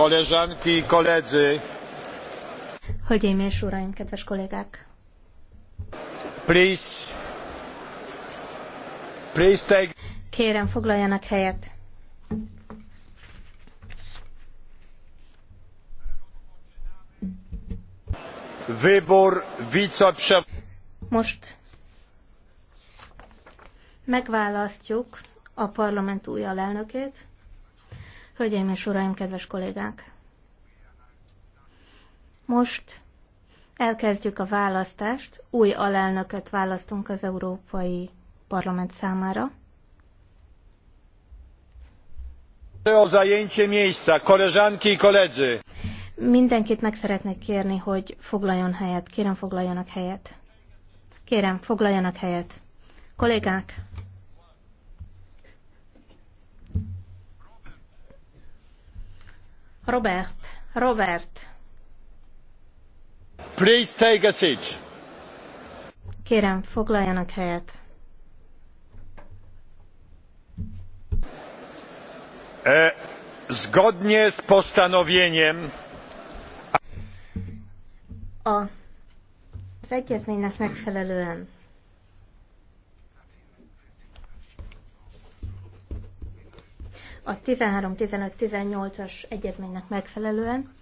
Koleżanki i koledzy. Hölgyeim és uraim, kedves kollégák. Please. Please take... Kérem, foglaljanak helyet. Wybór wiceprzewodniczącego. Most megválasztjuk a parlament új alelnökét. Hölgyeim és uraim, kedves kollégák! Most elkezdjük a választást, új alelnököt választunk az Európai Parlament számára. Mindenkit meg szeretnék kérni, hogy foglaljon helyet. Kérem, foglaljanak helyet. Kérem, foglaljanak helyet. Kollégák! Robert, Robert. Please take a seat. Kérem, foglaljanak helyet. E, zgodnie z postanowieniem a, az egyezménynek megfelelően a 13-15-18-as egyezménynek megfelelően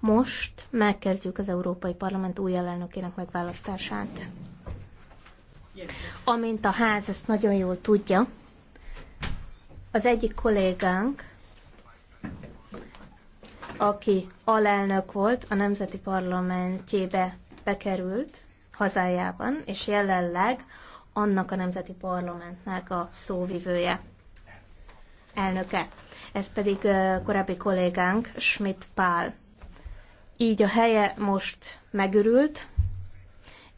most megkezdjük az Európai Parlament új elnökének megválasztását. Amint a ház ezt nagyon jól tudja, az egyik kollégánk, aki alelnök volt, a Nemzeti Parlamentjébe bekerült hazájában, és jelenleg annak a Nemzeti Parlamentnek a szóvivője elnöke. Ez pedig korábbi kollégánk, Schmidt Pál. Így a helye most megürült,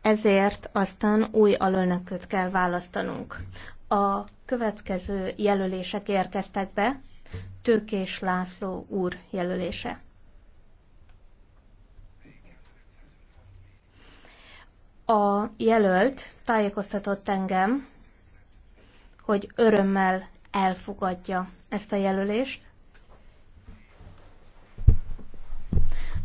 ezért aztán új alölnököt kell választanunk. A következő jelölések érkeztek be, Tőkés László úr jelölése. A jelölt tájékoztatott engem, hogy örömmel elfogadja ezt a jelölést.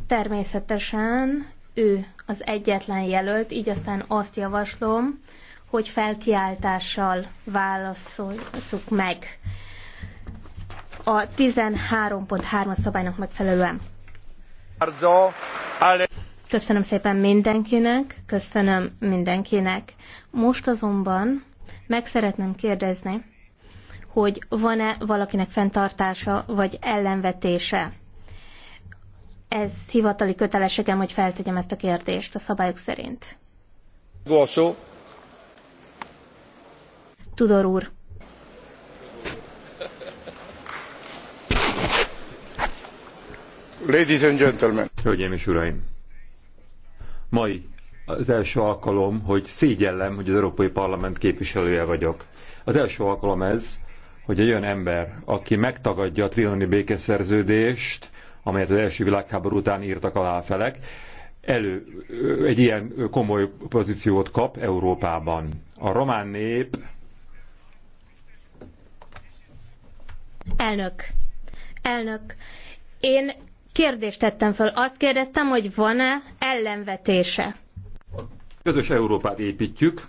Természetesen ő az egyetlen jelölt, így aztán azt javaslom, hogy felkiáltással válaszoljuk meg a 133 szabálynak megfelelően. Köszönöm szépen mindenkinek, köszönöm mindenkinek. Most azonban meg szeretném kérdezni, hogy van-e valakinek fenntartása vagy ellenvetése. Ez hivatali kötelességem, hogy feltegyem ezt a kérdést a szabályok szerint. Głosu. Tudor úr. Ladies and gentlemen. Hölgyeim és uraim. Mai az első alkalom, hogy szégyellem, hogy az Európai Parlament képviselője vagyok. Az első alkalom ez, hogy egy olyan ember, aki megtagadja a triloni békeszerződést, amelyet az első világháború után írtak alá a felek, elő, egy ilyen komoly pozíciót kap Európában. A román nép... Elnök. Elnök. Én kérdést tettem föl. Azt kérdeztem, hogy van-e ellenvetése. Közös Európát építjük,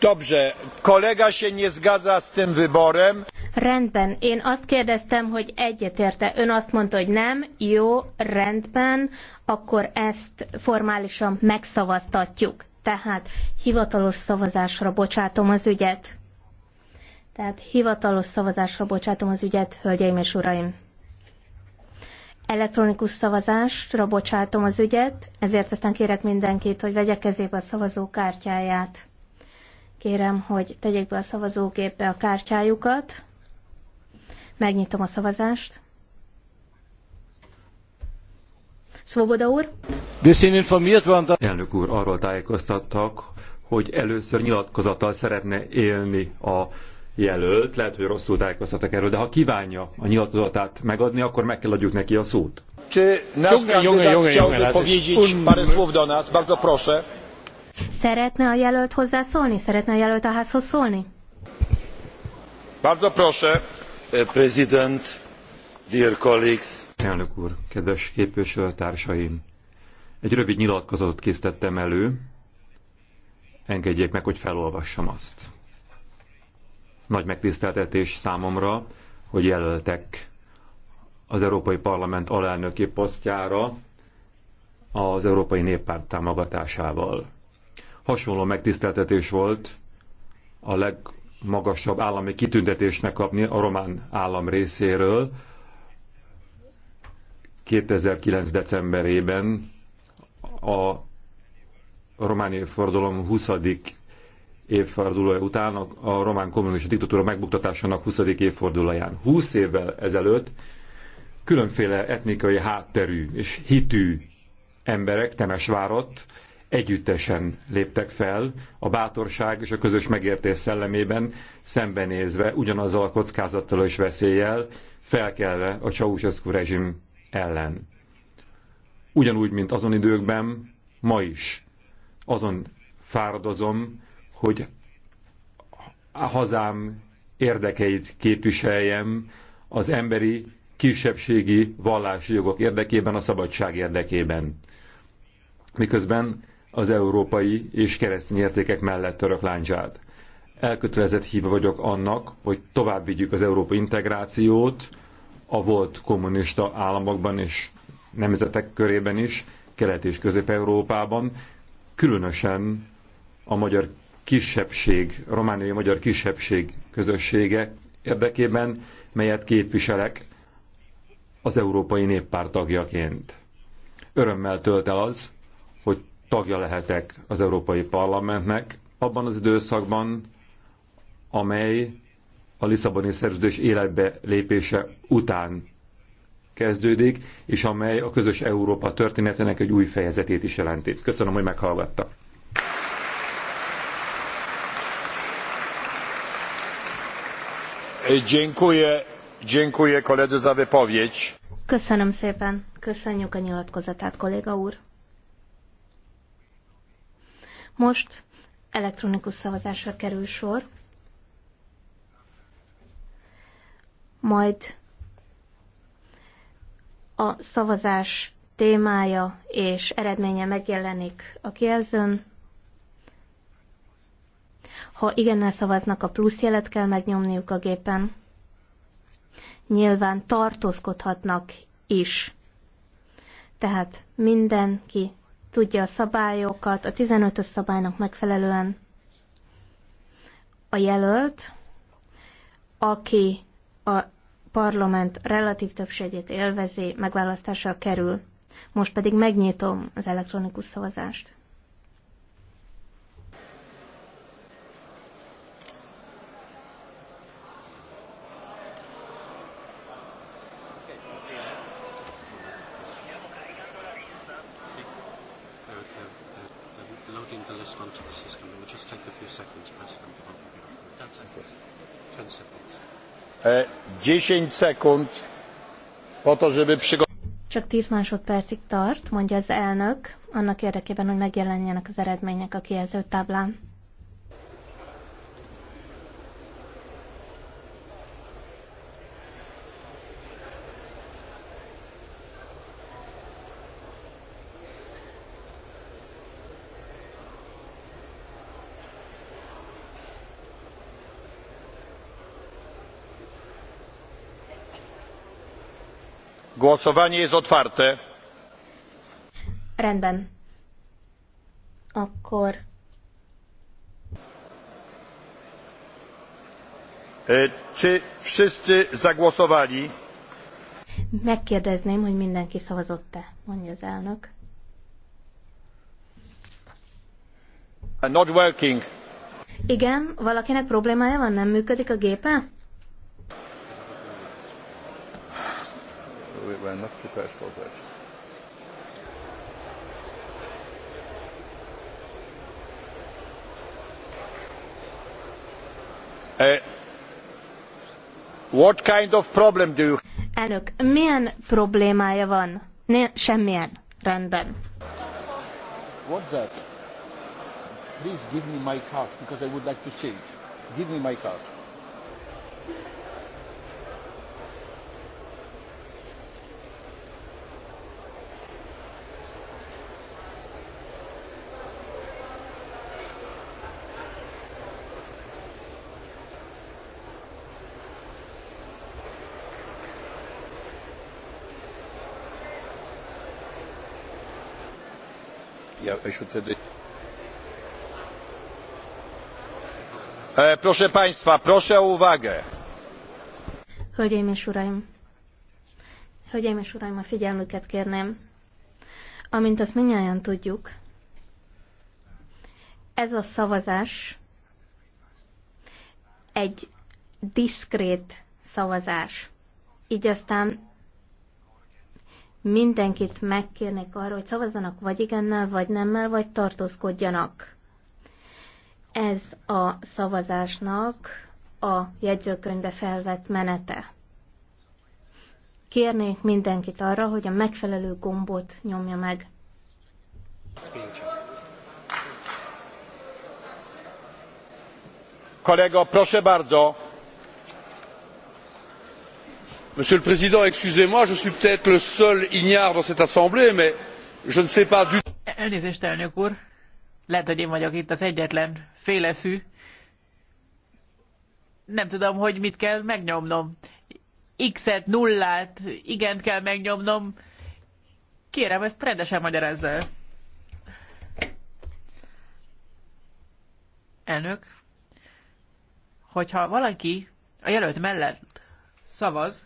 Dobrze, kolega się nie zgadza z tym wyborem. Rendben, én azt kérdeztem, hogy egyetérte. Ön azt mondta, hogy nem, jó, rendben, akkor ezt formálisan megszavaztatjuk. Tehát hivatalos szavazásra bocsátom az ügyet. Tehát hivatalos szavazásra bocsátom az ügyet, hölgyeim és uraim. Elektronikus szavazásra bocsátom az ügyet, ezért aztán kérek mindenkit, hogy vegye kezébe a szavazókártyáját. Kérem, hogy tegyék be a szavazógépbe a kártyájukat. Megnyitom a szavazást. Svoboda úr. Elnök úr, arról tájékoztattak, hogy először nyilatkozattal szeretne élni a jelölt. Lehet, hogy rosszul tájékoztattak erről, de ha kívánja a nyilatkozatát megadni, akkor meg kell adjuk neki a szót. Czy nasz kandydat chciałby powiedzieć parę słów do nas? Bardzo proszę. Szeretne a jelölt hozzászólni? Szeretne a jelölt a házhoz szólni? Bardzo proszę. Eh, President, dear colleagues. Elnök úr, kedves képviselőtársaim! Egy rövid nyilatkozatot készítettem elő. Engedjék meg, hogy felolvassam azt. Nagy megtiszteltetés számomra, hogy jelöltek az Európai Parlament alelnöki posztjára az Európai Néppárt támogatásával hasonló megtiszteltetés volt a legmagasabb állami kitüntetésnek kapni a román állam részéről 2009. decemberében a romániai fordulom 20. évfordulója után a román kommunista diktatúra megbuktatásának 20. évfordulóján. 20 évvel ezelőtt különféle etnikai hátterű és hitű emberek Temesvárot, együttesen léptek fel, a bátorság és a közös megértés szellemében szembenézve ugyanazzal a kockázattal és veszéllyel, felkelve a Ceausescu rezsim ellen. Ugyanúgy, mint azon időkben, ma is azon fáradozom, hogy a hazám érdekeit képviseljem az emberi, kisebbségi, vallási jogok érdekében, a szabadság érdekében miközben az európai és keresztény értékek mellett török láncsát. Elkötelezett híve vagyok annak, hogy tovább vigyük az európai integrációt a volt kommunista államokban és nemzetek körében is, Kelet- és Közép-Európában, különösen a magyar kisebbség, romániai magyar kisebbség közössége érdekében, melyet képviselek az Európai Néppárt tagjaként. Örömmel tölt el az, tagja lehetek az Európai Parlamentnek abban az időszakban, amely a Lisszaboni szerződés életbe lépése után kezdődik, és amely a közös Európa történetének egy új fejezetét is jelenti. Köszönöm, hogy meghallgatta. Dziękuję, dziękuję koledze za wypowiedź. Köszönöm szépen. Köszönjük a nyilatkozatát, kolléga úr. Most elektronikus szavazásra kerül sor, majd a szavazás témája és eredménye megjelenik a kijelzőn. Ha igennel szavaznak, a plusz jelet kell megnyomniuk a gépen. Nyilván tartózkodhatnak is. Tehát mindenki tudja a szabályokat a 15-ös szabálynak megfelelően. A jelölt, aki a parlament relatív többségét élvezi, megválasztással kerül. Most pedig megnyitom az elektronikus szavazást. E, sekund po to, żeby Csak tíz másodpercig tart, mondja az elnök, annak érdekében, hogy megjelenjenek az eredmények a kijelző táblán. Głosowanie jest otwarte. Rendben. Akkor. E, czy wszyscy zagłosowali? Megkérdezném, hogy mindenki szavazott-e, mondja az elnök. Not working. Igen, valakinek problémája van, nem működik a gépe? we were not prepared for that. Uh, what kind of problem do you... Elnök, milyen problémája van? Né- semmilyen. Rendben. What's that? Please give me my card because I would like to change. Give me my card. yeah, I should say the... Proszę Państwa, proszę o uwagę. Hölgyeim és Uraim! Hölgyeim és Uraim, a figyelmüket kérném. Amint azt mindjárt tudjuk, ez a szavazás egy diszkrét szavazás. Így aztán mindenkit megkérnék arra, hogy szavazzanak vagy igennel, vagy nemmel, vagy tartózkodjanak. Ez a szavazásnak a jegyzőkönyvbe felvett menete. Kérnék mindenkit arra, hogy a megfelelő gombot nyomja meg. Kolego, proszę bardzo monsieur le président excusez moi je suis peut être le seul ignare dans cette assemblée mais je ne sais pas du tout. hogy egyetlen Nem tudom, hogy mit kell megnyomnom. X-et, nullát, igent kell megnyomnom. Kérem, ezt rendesen magyarázza Elnök, hogyha valaki a jelölt mellett szavaz,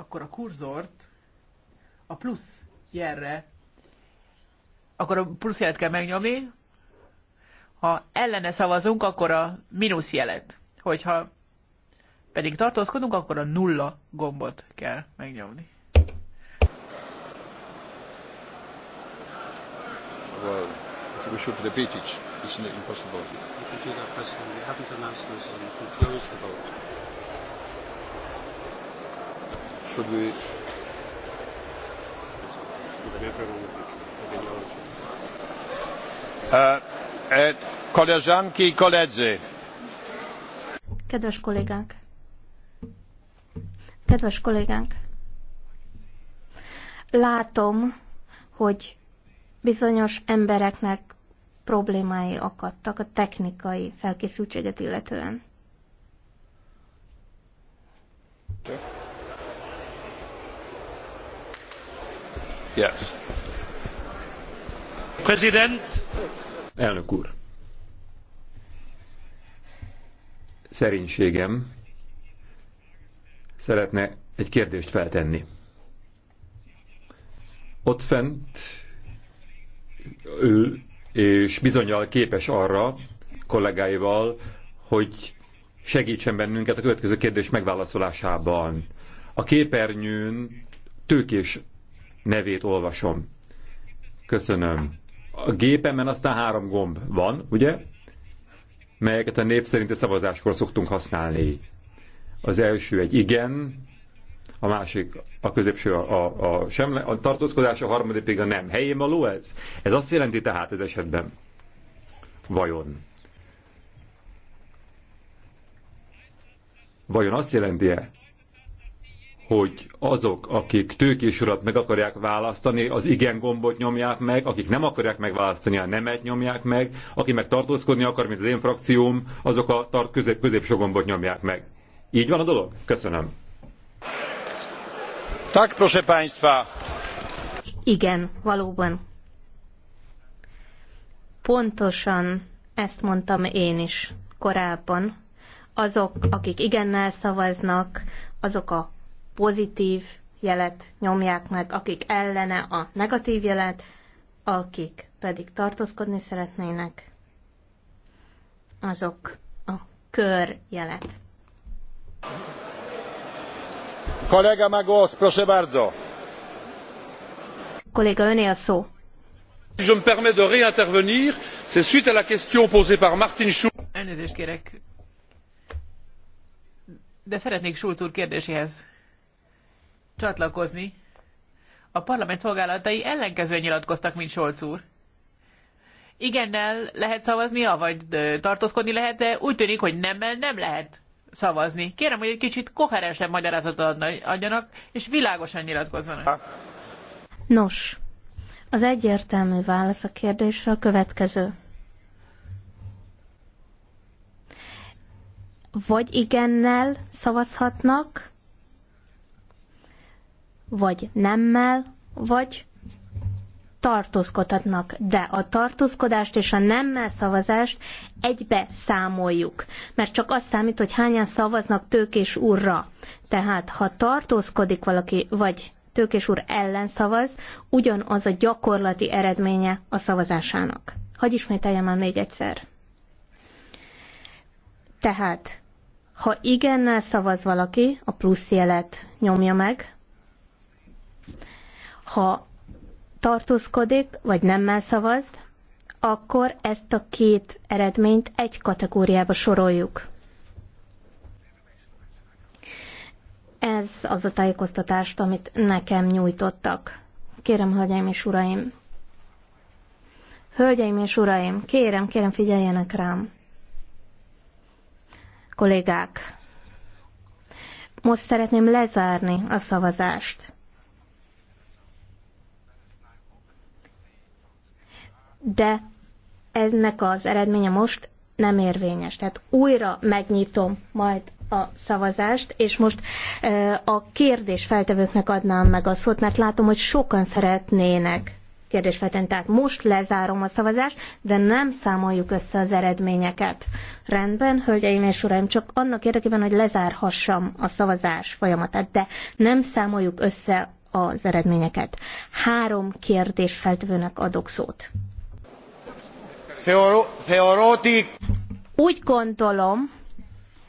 akkor a kurzort a plusz jelre, akkor a plusz jelet kell megnyomni, ha ellene szavazunk, akkor a mínusz jelet, hogyha pedig tartózkodunk, akkor a nulla gombot kell megnyomni. Well, should eh, we eh, Koleżanki i koledzy. Kedves kollégánk! Kedves kollégánk! Látom, hogy bizonyos embereknek problémái akadtak a technikai felkészültséget illetően. Elnök úr. Szerénységem szeretne egy kérdést feltenni. Ott fent ül, és bizonyal képes arra kollégáival, hogy segítsen bennünket a következő kérdés megválaszolásában. A képernyőn tőkés nevét olvasom. Köszönöm. A gépemen aztán három gomb van, ugye? Melyeket a név a szavazáskor szoktunk használni. Az első egy igen, a másik, a középső a, a, a, semle, a tartózkodás, a harmadik pedig a nem. Helyén való ez? Ez azt jelenti tehát ez esetben? Vajon? Vajon azt jelenti-e, hogy azok, akik tőkés urat meg akarják választani, az igen gombot nyomják meg, akik nem akarják megválasztani, a nemet nyomják meg, aki meg tartózkodni akar, mint az én frakcióm, azok a tart közép középső gombot nyomják meg. Így van a dolog? Köszönöm. Tak, proszę państwa. Igen, valóban. Pontosan ezt mondtam én is korábban. Azok, akik igennel szavaznak, azok a pozitív jelet nyomják meg, akik ellene a negatív jelet, akik pedig tartózkodni szeretnének, azok a kör jelet. Kollega ma głos, proszę bardzo. Kolléga, öné a szó. Je me permets de réintervenir, c'est suite à la question posée par Martin Schulz. Elnézést kérek, de szeretnék Schulz úr kérdéséhez csatlakozni. A parlament szolgálatai ellenkezően nyilatkoztak, mint Solc úr. Igennel lehet szavazni, vagy tartózkodni lehet, de úgy tűnik, hogy nemmel nem lehet szavazni. Kérem, hogy egy kicsit koherensebb magyarázatot adjanak, és világosan nyilatkozzanak. Nos, az egyértelmű válasz a kérdésre a következő. Vagy igennel szavazhatnak, vagy nemmel, vagy tartózkodhatnak, de a tartózkodást és a nemmel szavazást egybe számoljuk, mert csak az számít, hogy hányan szavaznak és úrra. Tehát, ha tartózkodik valaki, vagy és úr ellen szavaz, ugyanaz a gyakorlati eredménye a szavazásának. Hagy ismételjem el még egyszer. Tehát, ha igennel szavaz valaki, a plusz jelet nyomja meg, ha tartózkodik, vagy nemmel szavaz, akkor ezt a két eredményt egy kategóriába soroljuk. Ez az a tájékoztatást, amit nekem nyújtottak. Kérem, hölgyeim és uraim! Hölgyeim és uraim, kérem, kérem, figyeljenek rám! Kollégák, most szeretném lezárni a szavazást. de ennek az eredménye most nem érvényes. Tehát újra megnyitom majd a szavazást, és most a kérdés feltevőknek adnám meg a szót, mert látom, hogy sokan szeretnének kérdés feltenni. Tehát most lezárom a szavazást, de nem számoljuk össze az eredményeket. Rendben, hölgyeim és uraim, csak annak érdekében, hogy lezárhassam a szavazás folyamatát, de nem számoljuk össze az eredményeket. Három kérdés feltevőnek adok szót. Úgy gondolom,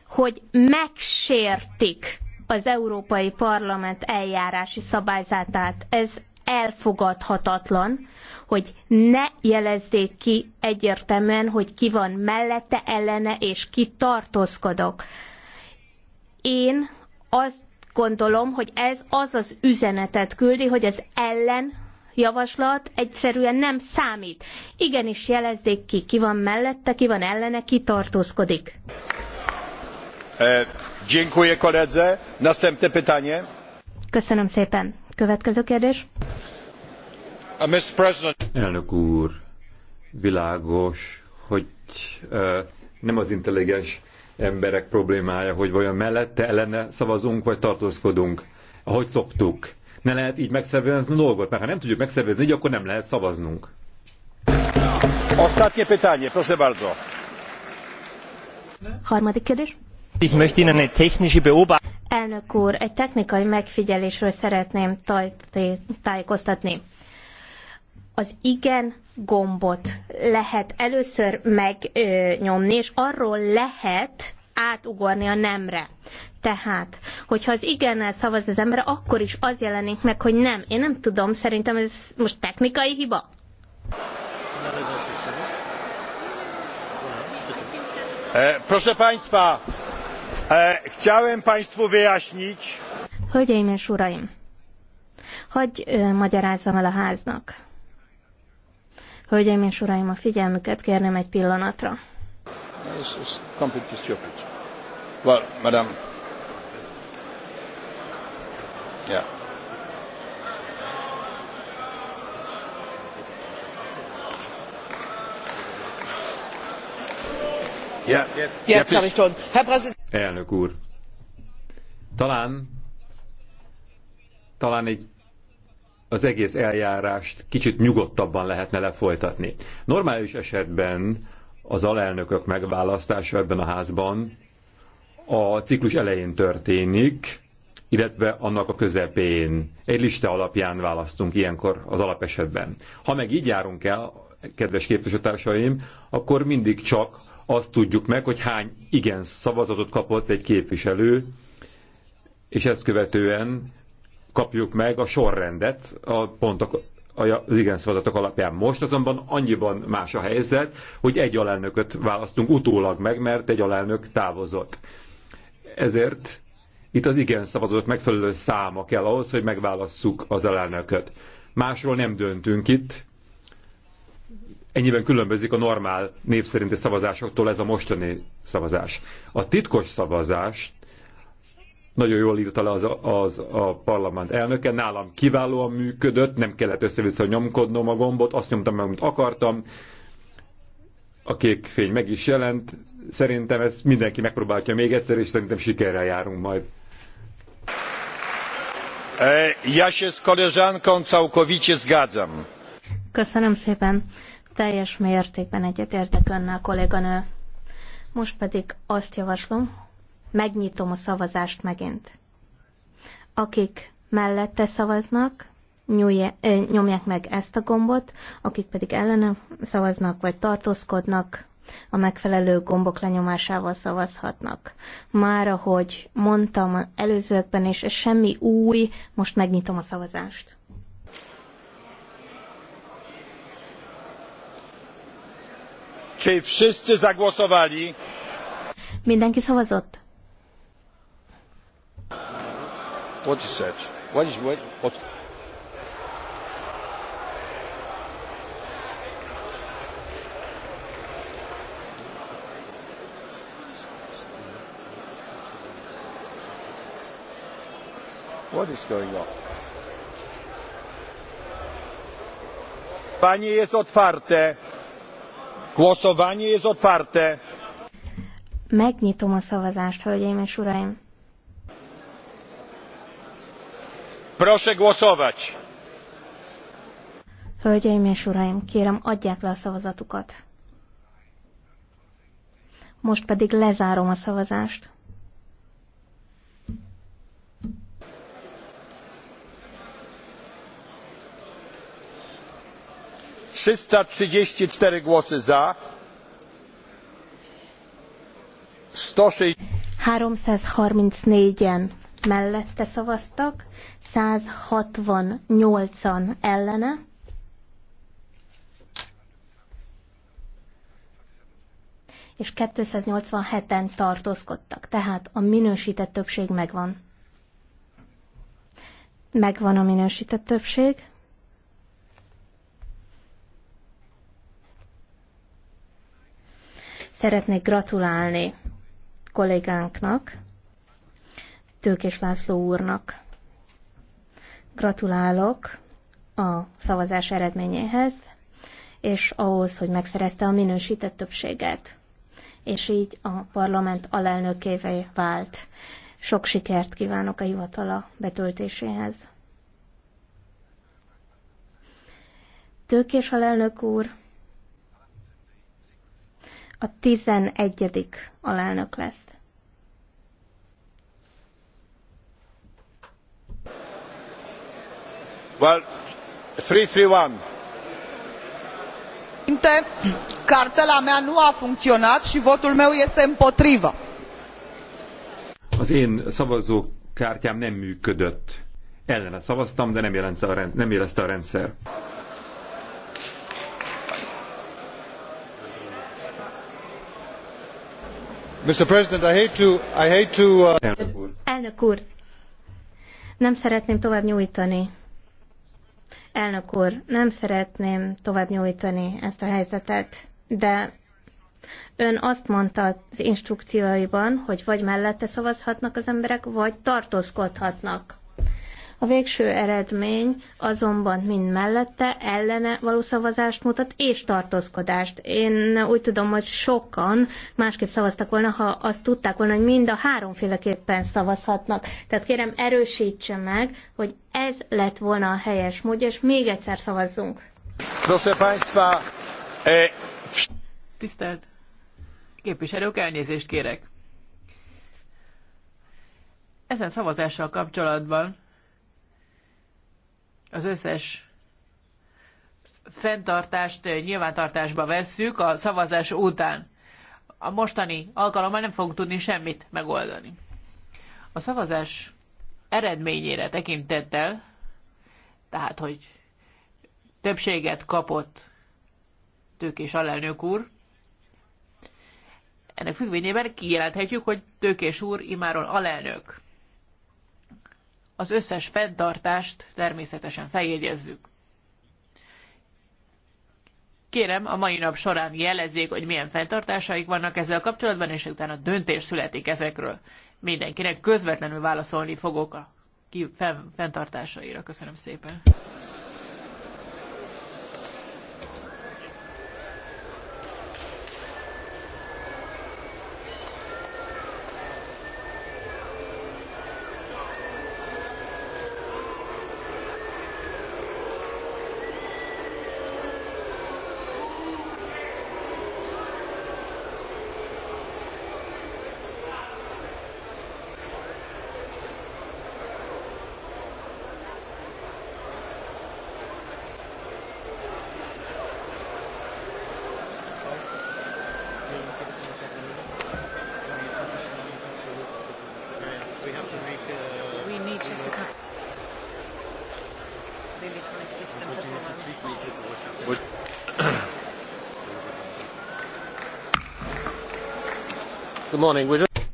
hogy megsértik az Európai Parlament eljárási szabályzatát. Ez elfogadhatatlan, hogy ne jelezzék ki egyértelműen, hogy ki van mellette, ellene, és ki tartózkodok. Én azt gondolom, hogy ez az az üzenetet küldi, hogy az ellen javaslat egyszerűen nem számít. Igenis jelezzék ki, ki van mellette, ki van ellene, ki tartózkodik. E, dziękuję koledze. Następne pytanie. Köszönöm szépen. Következő kérdés. Mr. President. Elnök úr, világos, hogy uh, nem az intelligens emberek problémája, hogy vajon mellette ellene szavazunk, vagy tartózkodunk, ahogy szoktuk ne lehet így megszervezni a dolgot, mert ha nem tudjuk megszervezni, így akkor nem lehet szavaznunk. Ostatnie pytanie, proszę bardzo. Harmadik kérdés. Ich möchte Ihnen eine technische Beobachtung. Elnök úr, egy technikai megfigyelésről szeretném tájékoztatni. Az igen gombot lehet először megnyomni, és arról lehet átugorni a nemre. Tehát, hogyha az igennel szavaz az ember, akkor is az jelenik meg, hogy nem. Én nem tudom, szerintem ez most technikai hiba. E, proszę Państwa, e, chciałem Państwu wyjaśnić. Hölgyeim és Uraim, hagyj e, magyarázzam el a háznak. Hölgyeim és Uraim, a figyelmüket kérném egy pillanatra. Well, madam, Yeah. Yeah. Jetzt habe ich schon. Herr Präsident. Elnök úr. Talán, talán egy az egész eljárást kicsit nyugodtabban lehetne lefolytatni. Normális esetben az alelnökök megválasztása ebben a házban a ciklus elején történik, illetve annak a közepén. Egy lista alapján választunk ilyenkor az alapesetben. Ha meg így járunk el, kedves képviselőtársaim, akkor mindig csak azt tudjuk meg, hogy hány igen szavazatot kapott egy képviselő, és ezt követően kapjuk meg a sorrendet a pontok az igen szavazatok alapján. Most azonban annyiban más a helyzet, hogy egy alelnököt választunk utólag meg, mert egy alelnök távozott. Ezért itt az igen szavazatok megfelelő száma kell ahhoz, hogy megválasszuk az alelnököt. Másról nem döntünk itt. Ennyiben különbözik a normál név szerinti szavazásoktól ez a mostani szavazás. A titkos szavazást nagyon jól írta le az, az a parlament elnöke, nálam kiválóan működött, nem kellett össze-vissza nyomkodnom a gombot, azt nyomtam meg, amit akartam, a kék fény meg is jelent, szerintem ezt mindenki megpróbálja még egyszer, és szerintem sikerrel járunk majd. E, ja się z koleżanką całkowicie zgadzam. Köszönöm szépen. Teljes mértékben egyetértek önnel, kolléganő. Most pedig azt javaslom, megnyitom a szavazást megint. Akik mellette szavaznak, nyomják meg ezt a gombot, akik pedig ellene szavaznak vagy tartózkodnak, a megfelelő gombok lenyomásával szavazhatnak. Már ahogy mondtam előzőkben és ez semmi új, most megnyitom a szavazást. Czy wszyscy zagłosowali? Mindenki szavazott? What is that? What is what? what? What is going on? Głosowanie jest otwarte. Głosowanie jest otwarte. Megnyitom a szavazást, hölgyeim és uraim. Proszę głosować. Hölgyeim és uraim, kérem adják le a szavazatukat. Most pedig lezárom a szavazást. trzysta trzydzieści cztery głosy za sto en mellette szavaztak, 168-an ellene, és 287-en tartózkodtak. Tehát a minősített többség megvan. Megvan a minősített többség. Szeretnék gratulálni kollégánknak, Tőkés László úrnak. Gratulálok a szavazás eredményéhez, és ahhoz, hogy megszerezte a minősített többséget, és így a parlament alelnökévé vált. Sok sikert kívánok a hivatala betöltéséhez. Tőkés alelnök úr, a 11. alelnök lesz. Well, 331. Cartela mea nu a funcționat și votul meu este împotrivă. Az én szavazókártyám nem működött. Ellene szavaztam, de nem, a rend, nem érezte a rendszer. Mr. President, I hate to, I hate to, uh... Elnök, úr. Elnök úr, nem szeretném tovább nyújtani. Elnök úr, nem szeretném tovább nyújtani ezt a helyzetet, de Ön azt mondta az instrukcióiban, hogy vagy mellette szavazhatnak az emberek, vagy tartózkodhatnak. A végső eredmény azonban mind mellette ellene való szavazást mutat és tartózkodást. Én úgy tudom, hogy sokan másképp szavaztak volna, ha azt tudták volna, hogy mind a háromféleképpen szavazhatnak. Tehát kérem, erősítse meg, hogy ez lett volna a helyes módja, és még egyszer szavazzunk. Proszę e... Tisztelt képviselők, elnézést kérek. Ezen szavazással kapcsolatban az összes fenntartást nyilvántartásba vesszük a szavazás után. A mostani alkalommal nem fogunk tudni semmit megoldani. A szavazás eredményére tekintettel, tehát hogy többséget kapott tőkés alelnök úr, ennek függvényében kijelenthetjük, hogy tőkés úr imáron alelnök az összes fenntartást természetesen feljegyezzük. Kérem, a mai nap során jelezzék, hogy milyen fenntartásaik vannak ezzel kapcsolatban, és utána döntés születik ezekről. Mindenkinek közvetlenül válaszolni fogok a fenntartásaira. Köszönöm szépen.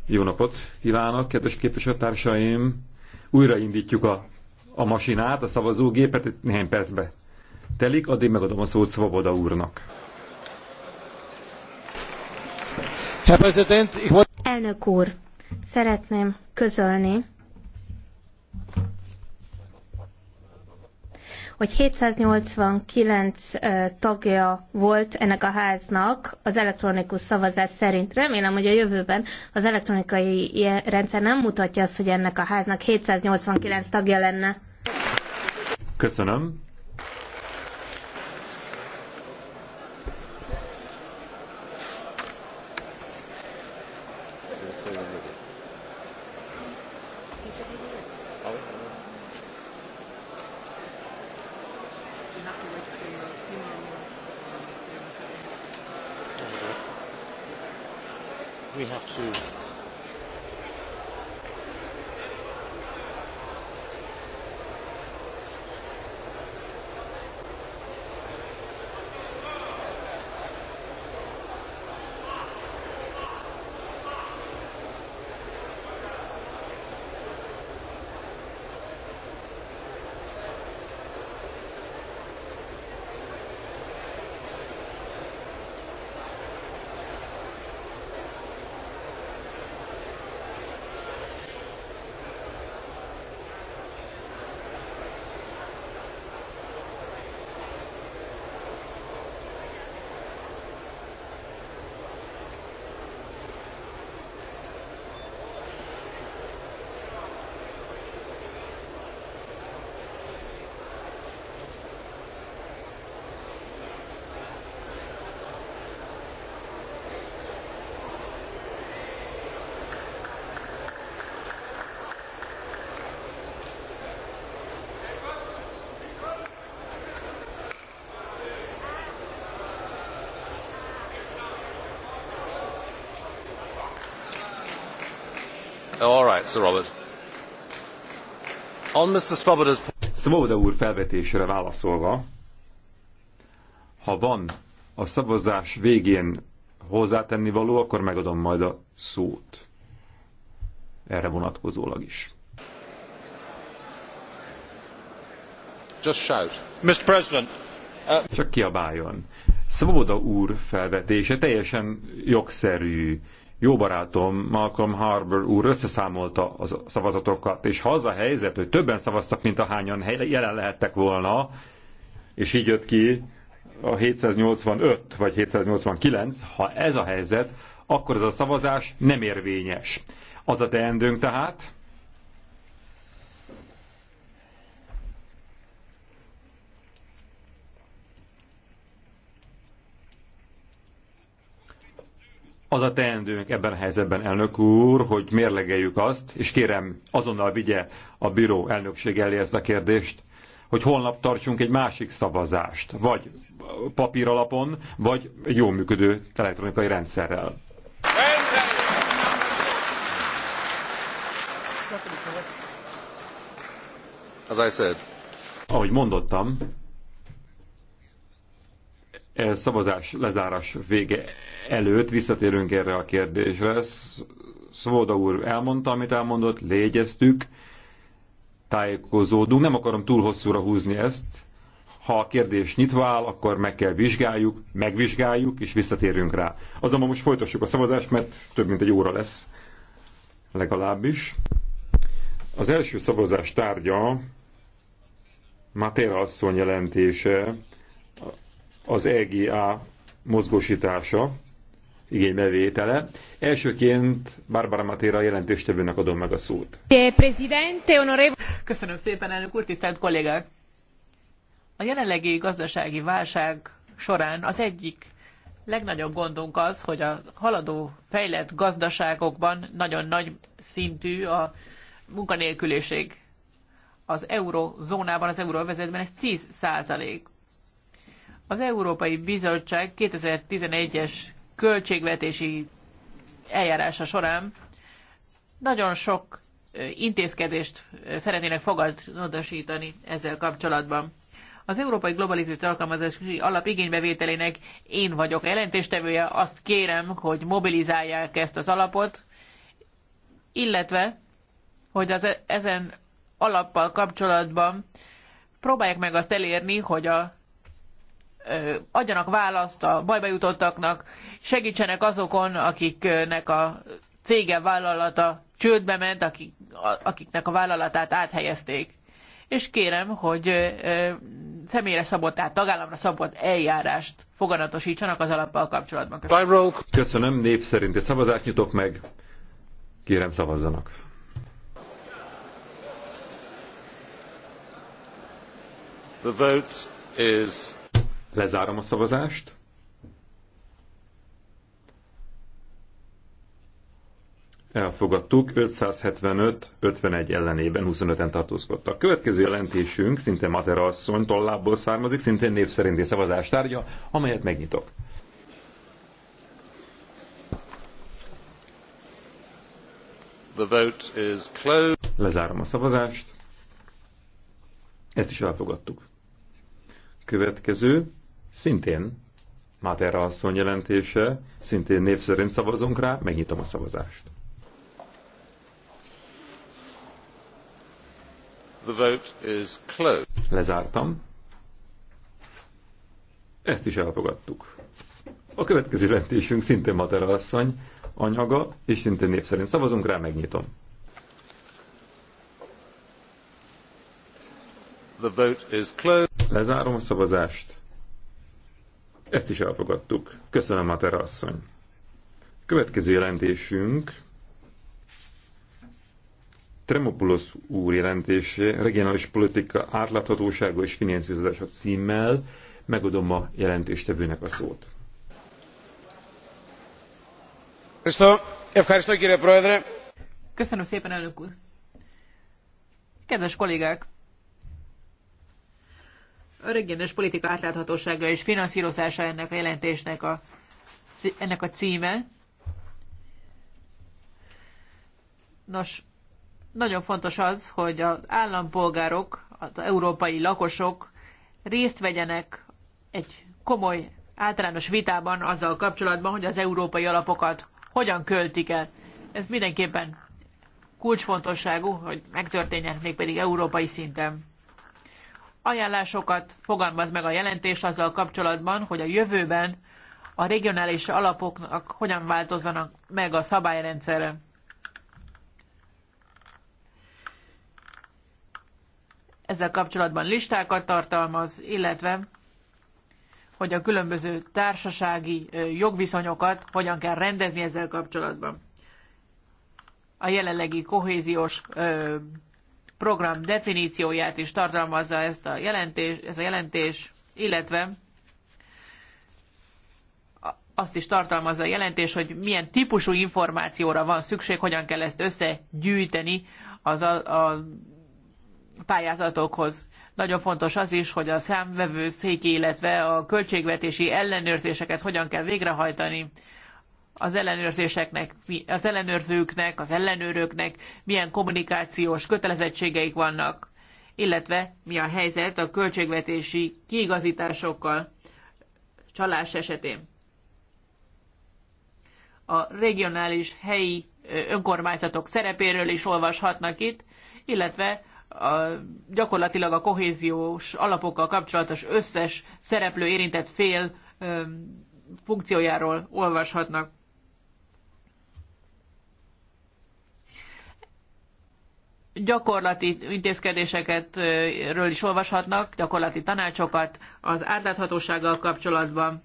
Jó napot kívánok, kedves képviselőtársaim! Újraindítjuk a, a masinát, a szavazógépet, itt néhány percbe telik, addig megadom a szót Svoboda úrnak. Elnök úr, szeretném közölni, hogy 789 tagja volt ennek a háznak az elektronikus szavazás szerint. Remélem, hogy a jövőben az elektronikai rendszer nem mutatja azt, hogy ennek a háznak 789 tagja lenne. Köszönöm. right, Sir Robert. On Mr. úr felvetésére válaszolva, ha van a szavazás végén hozzátenni való, akkor megadom majd a szót. Erre vonatkozólag is. Just shout. Mr. President. Uh... Csak kiabáljon. Svoboda úr felvetése teljesen jogszerű jó barátom Malcolm Harbour úr összeszámolta a szavazatokat, és ha az a helyzet, hogy többen szavaztak, mint ahányan jelen lehettek volna, és így jött ki a 785 vagy 789, ha ez a helyzet, akkor ez a szavazás nem érvényes. Az a teendőnk tehát, az a teendőnk ebben a helyzetben, elnök úr, hogy mérlegeljük azt, és kérem, azonnal vigye a bíró elnökség elé ezt a kérdést, hogy holnap tartsunk egy másik szavazást, vagy papír alapon, vagy egy jól működő elektronikai rendszerrel. As I said. Ahogy mondottam, e szavazás lezárás vége előtt visszatérünk erre a kérdésre. Szvoda úr elmondta, amit elmondott, légyeztük, tájékozódunk. Nem akarom túl hosszúra húzni ezt. Ha a kérdés nyitva áll, akkor meg kell vizsgáljuk, megvizsgáljuk, és visszatérünk rá. Azonban most folytassuk a szavazást, mert több mint egy óra lesz legalábbis. Az első szavazás tárgya Matéra asszony jelentése, az EGA mozgósítása, igénybevétele. Elsőként Barbara Matéra jelentéstevőnek adom meg a szót. Eh, Köszönöm szépen, elnök úr, tisztelt kollégák! A jelenlegi gazdasági válság során az egyik legnagyobb gondunk az, hogy a haladó fejlett gazdaságokban nagyon nagy szintű a munkanélküliség. Az eurozónában, az euróvezetben ez 10 százalék. Az Európai Bizottság 2011-es költségvetési eljárása során nagyon sok intézkedést szeretnének fogadosítani ezzel kapcsolatban. Az Európai Globalizáció Alkalmazási Alap igénybevételének én vagyok a jelentéstevője, azt kérem, hogy mobilizálják ezt az alapot, illetve, hogy az e-, ezen alappal kapcsolatban próbálják meg azt elérni, hogy a, ö, adjanak választ a bajba jutottaknak, segítsenek azokon, akiknek a cége vállalata csődbe ment, akik, akiknek a vállalatát áthelyezték. És kérem, hogy ö, személyre szabott, tehát tagállamra szabott eljárást foganatosítsanak az alappal kapcsolatban. Köszönöm. Köszönöm, név szerinti szavazást nyitok meg. Kérem, szavazzanak. The vote is... Lezárom a szavazást. elfogadtuk, 575-51 ellenében 25-en tartózkodtak. Következő jelentésünk szinte Matera asszony tollából származik, szintén név szerinti szavazás tárgya, amelyet megnyitok. The vote is closed. Lezárom a szavazást. Ezt is elfogadtuk. Következő, szintén Matera asszony jelentése, szintén név szerint szavazunk rá, megnyitom a szavazást. Lezártam. Ezt is elfogadtuk. A következő jelentésünk szintén Matera asszony anyaga, és szintén név szerint szavazunk rá, megnyitom. The vote is closed. Lezárom a szavazást. Ezt is elfogadtuk. Köszönöm, Matera asszony. Következő jelentésünk Tremopulos úr jelentése regionális politika átláthatósága és finanszírozása címmel. Megadom a jelentéstevőnek a szót. Köszönöm szépen, elnök úr! Kedves kollégák! A regionális politika átláthatósága és finanszírozása ennek a jelentésnek a, ennek a címe. Nos, nagyon fontos az, hogy az állampolgárok, az európai lakosok részt vegyenek egy komoly általános vitában azzal kapcsolatban, hogy az európai alapokat hogyan költik el. Ez mindenképpen kulcsfontosságú, hogy megtörténjen pedig európai szinten. Ajánlásokat fogalmaz meg a jelentés azzal kapcsolatban, hogy a jövőben a regionális alapoknak hogyan változzanak meg a szabályrendszere. ezzel kapcsolatban listákat tartalmaz, illetve hogy a különböző társasági jogviszonyokat hogyan kell rendezni ezzel kapcsolatban. A jelenlegi kohéziós program definícióját is tartalmazza ezt a jelentés, ez a jelentés, illetve azt is tartalmazza a jelentés, hogy milyen típusú információra van szükség, hogyan kell ezt összegyűjteni az a, a pályázatokhoz. Nagyon fontos az is, hogy a számvevőszék, illetve a költségvetési ellenőrzéseket hogyan kell végrehajtani az ellenőrzéseknek, az ellenőrzőknek, az ellenőröknek milyen kommunikációs kötelezettségeik vannak, illetve mi a helyzet a költségvetési kiigazításokkal csalás esetén. A regionális helyi önkormányzatok szerepéről is olvashatnak itt, illetve a, gyakorlatilag a kohéziós alapokkal kapcsolatos összes szereplő érintett fél ö, funkciójáról olvashatnak. Gyakorlati intézkedéseket ről is olvashatnak, gyakorlati tanácsokat az átláthatósággal kapcsolatban,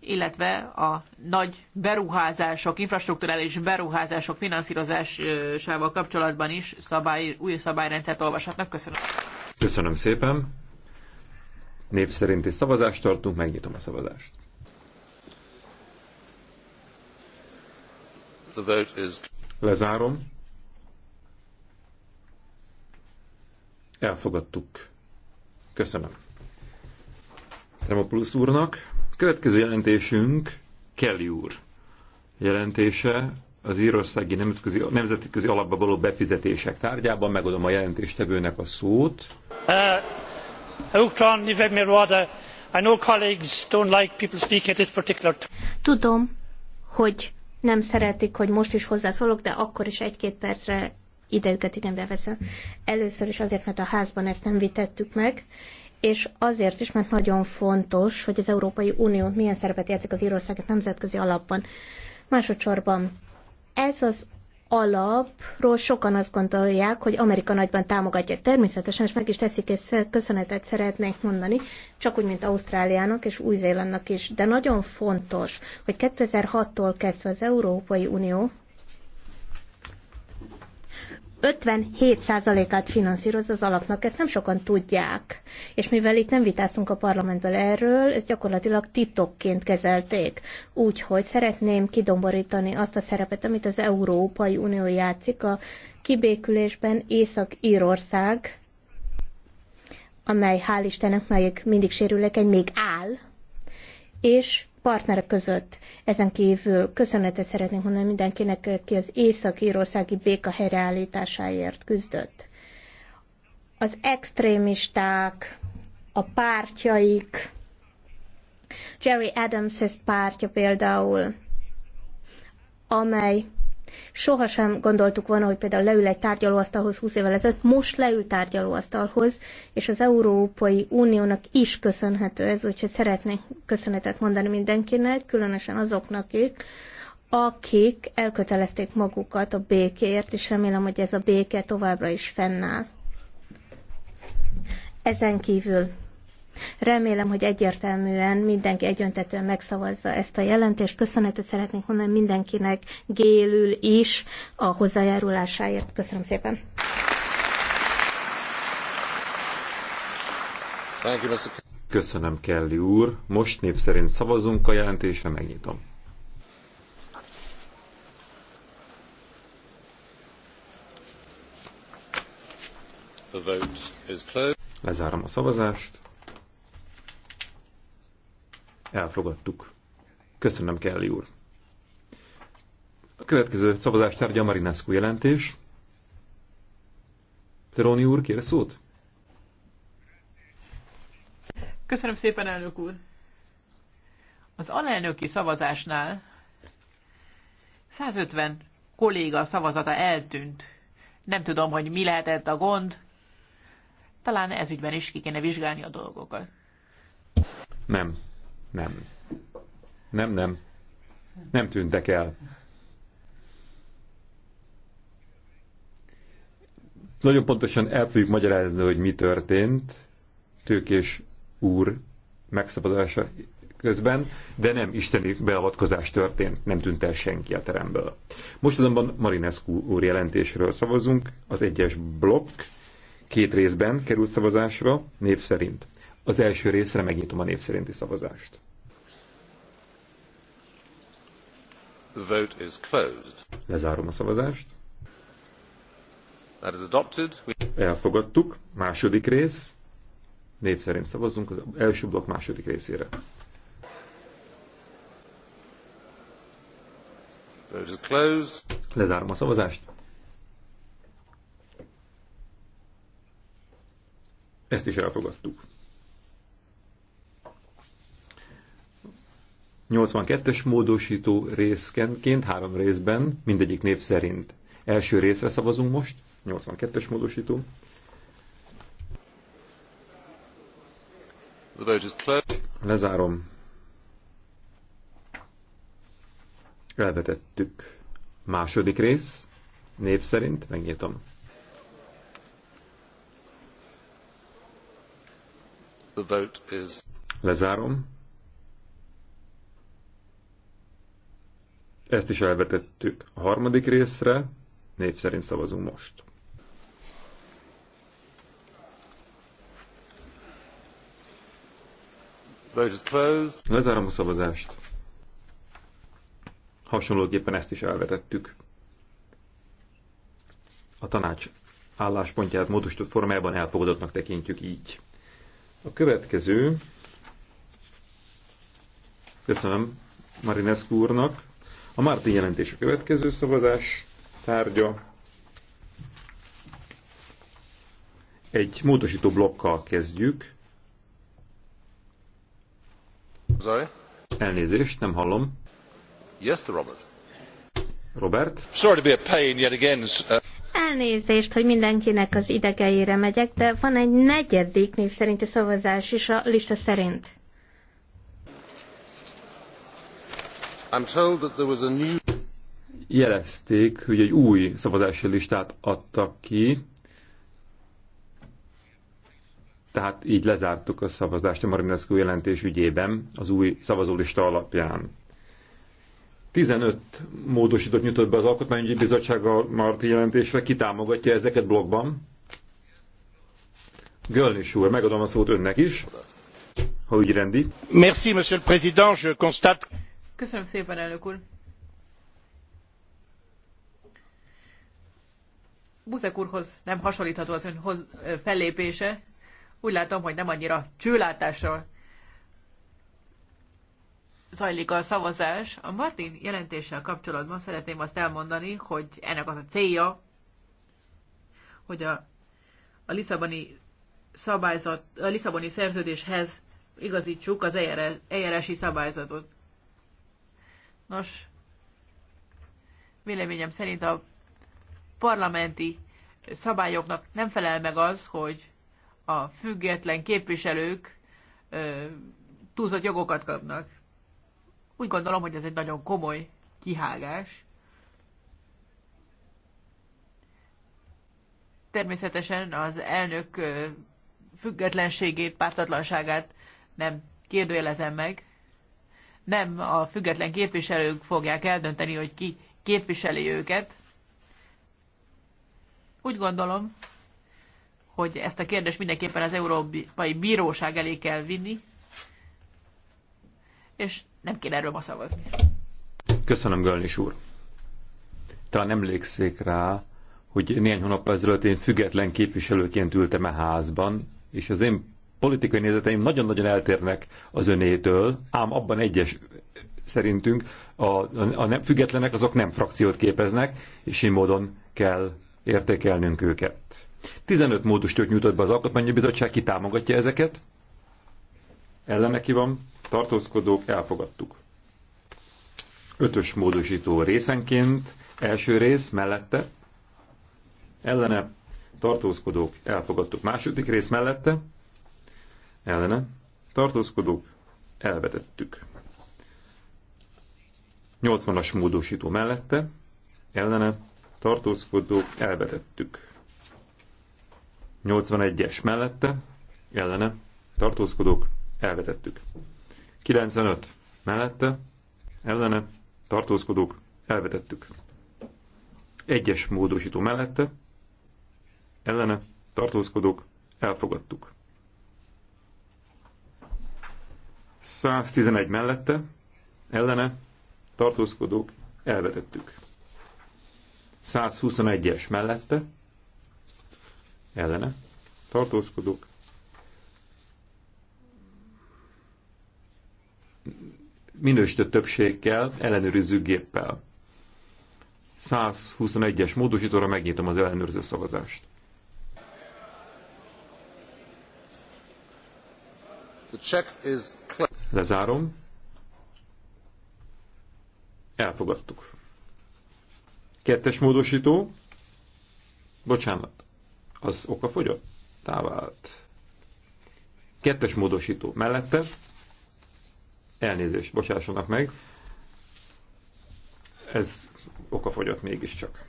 illetve a nagy beruházások, infrastruktúrális beruházások finanszírozásával kapcsolatban is szabály, új szabályrendszert olvashatnak. Köszönöm. Köszönöm szépen. Név szerinti szavazást tartunk, megnyitom a szavazást. The vote is... Lezárom. Elfogadtuk. Köszönöm. Tremopoulos úrnak. Következő jelentésünk Kelly úr jelentése az Írországi nemzetközi, nemzetközi alapba való befizetések tárgyában. Megadom a jelentéstevőnek a szót. Uh, Tudom, hogy nem szeretik, hogy most is hozzászólok, de akkor is egy-két percre idejüket igénybe veszem. Először is azért, mert a házban ezt nem vitettük meg, és azért is, mert nagyon fontos, hogy az Európai Unió milyen szerepet játszik az Írországet nemzetközi alapban. Másodszorban ez az alapról sokan azt gondolják, hogy Amerika nagyban támogatja. Természetesen, és meg is teszik, és köszönetet szeretnék mondani, csak úgy, mint Ausztráliának és Új-Zélandnak is. De nagyon fontos, hogy 2006-tól kezdve az Európai Unió 57%-át finanszíroz az alapnak, ezt nem sokan tudják. És mivel itt nem vitáztunk a parlamentből erről, ez gyakorlatilag titokként kezelték. Úgyhogy szeretném kidomborítani azt a szerepet, amit az Európai Unió játszik a kibékülésben Észak-Írország, amely hál' Istennek melyik mindig sérülékeny, még áll, és partnerek között. Ezen kívül köszönetet szeretnénk, mondani mindenkinek, aki az észak-írországi béka helyreállításáért küzdött. Az extrémisták, a pártjaik, Jerry adams pártja például, amely Sohasem gondoltuk volna, hogy például leül egy tárgyalóasztalhoz 20 évvel ezelőtt, most leül tárgyalóasztalhoz, és az Európai Uniónak is köszönhető ez, úgyhogy szeretnék köszönetet mondani mindenkinek, különösen azoknak, akik, akik elkötelezték magukat a békéért, és remélem, hogy ez a béke továbbra is fennáll. Ezen kívül Remélem, hogy egyértelműen mindenki egyöntetően megszavazza ezt a jelentést. Köszönetet szeretnék mondani mindenkinek gélül is a hozzájárulásáért. Köszönöm szépen. Köszönöm, Kelly úr. Most név szerint szavazunk a jelentésre, megnyitom. Lezárom a szavazást. Elfogadtuk. Köszönöm, Kelly úr. A következő szavazás tárgya a Marinescu jelentés. Teróni úr, kér szót? Köszönöm szépen, elnök úr. Az alelnöki szavazásnál 150 kolléga szavazata eltűnt. Nem tudom, hogy mi lehetett a gond. Talán ez ügyben is ki kéne vizsgálni a dolgokat. Nem. Nem. Nem, nem. Nem tűntek el. Nagyon pontosan el fogjuk magyarázni, hogy mi történt tőkés úr megszabadulása közben, de nem isteni beavatkozás történt, nem tűnt el senki a teremből. Most azonban Marinescu úr jelentésről szavazunk, az egyes blokk két részben kerül szavazásra, név szerint. Az első részre megnyitom a név szerinti szavazást. vote is closed. Lezárom a szavazást. That is adopted. We... Elfogadtuk. Második rész. Név szerint szavazzunk az első blokk második részére. Vote is closed. Lezárom a szavazást. Ezt is elfogadtuk. 82-es módosító részként, három részben, mindegyik név szerint. Első részre szavazunk most, 82-es módosító. Lezárom. Elvetettük. Második rész, név szerint, megnyitom. The vote is... Lezárom. Ezt is elvetettük a harmadik részre, név szerint szavazunk most. Lezárom a szavazást. Hasonlóképpen ezt is elvetettük. A tanács álláspontját módosított formájában elfogadottnak tekintjük így. A következő, köszönöm Marinescu úrnak, a Mártin jelentés a következő szavazás tárgya. Egy módosító blokkal kezdjük. Sorry. Elnézést, nem hallom. Yes, Robert. Robert? Sorry to be a pain yet again. Uh, Elnézést, hogy mindenkinek az idegeire megyek, de van egy negyedik név szerinti szavazás is a lista szerint. Jelezték, hogy egy új szavazási listát adtak ki, tehát így lezártuk a szavazást a Marinescu jelentés ügyében az új szavazólista alapján. 15 módosított nyújtott be az Alkotmányügyi Bizottság a Marti jelentésre, kitámogatja ezeket blogban. Gölnis úr, megadom a szót önnek is, ha rendi. Merci, monsieur le président, je constate... Köszönöm szépen, elnök úr. Buzek úrhoz nem hasonlítható az önhoz fellépése. Úgy látom, hogy nem annyira csőlátással zajlik a szavazás. A Martin jelentéssel kapcsolatban szeretném azt elmondani, hogy ennek az a célja, hogy a, a Lisszaboni szabályzat, a Lisszaboni szerződéshez igazítsuk az eljárási szabályzatot. Nos, véleményem szerint a parlamenti szabályoknak nem felel meg az, hogy a független képviselők ö, túlzott jogokat kapnak. Úgy gondolom, hogy ez egy nagyon komoly kihágás. Természetesen az elnök függetlenségét, pártatlanságát nem kérdőjelezem meg, nem a független képviselők fogják eldönteni, hogy ki képviseli őket. Úgy gondolom, hogy ezt a kérdést mindenképpen az Európai Bíróság elé kell vinni, és nem kéne erről ma szavazni. Köszönöm, Gölnis úr. Talán emlékszik rá, hogy néhány hónap ezelőtt én független képviselőként ültem a e házban, és az én politikai nézeteim nagyon-nagyon eltérnek az önétől, ám abban egyes szerintünk a, a, a nem, függetlenek azok nem frakciót képeznek, és így módon kell értékelnünk őket. 15 módosítót nyújtott be az Alkotmányi Bizottság, ki támogatja ezeket? Ellene ki van? Tartózkodók, elfogadtuk. Ötös módosító részenként, első rész mellette, ellene tartózkodók, elfogadtuk. Második rész mellette, ellene tartózkodók elvetettük. 80-as módosító mellette ellene tartózkodók elvetettük. 81-es mellette ellene tartózkodók elvetettük. 95 mellette ellene tartózkodók elvetettük. 1-es módosító mellette ellene tartózkodók elfogadtuk. 111 mellette, ellene, tartózkodók, elvetettük. 121-es mellette, ellene, tartózkodók, Minősítő többséggel, ellenőrző géppel. 121-es módosítóra megnyitom az ellenőrző szavazást. Lezárom. Elfogadtuk. Kettes módosító. Bocsánat. Az oka fogyott? Távált. Kettes módosító. Mellette. Elnézést, bocsássanak meg. Ez oka fogyott mégiscsak.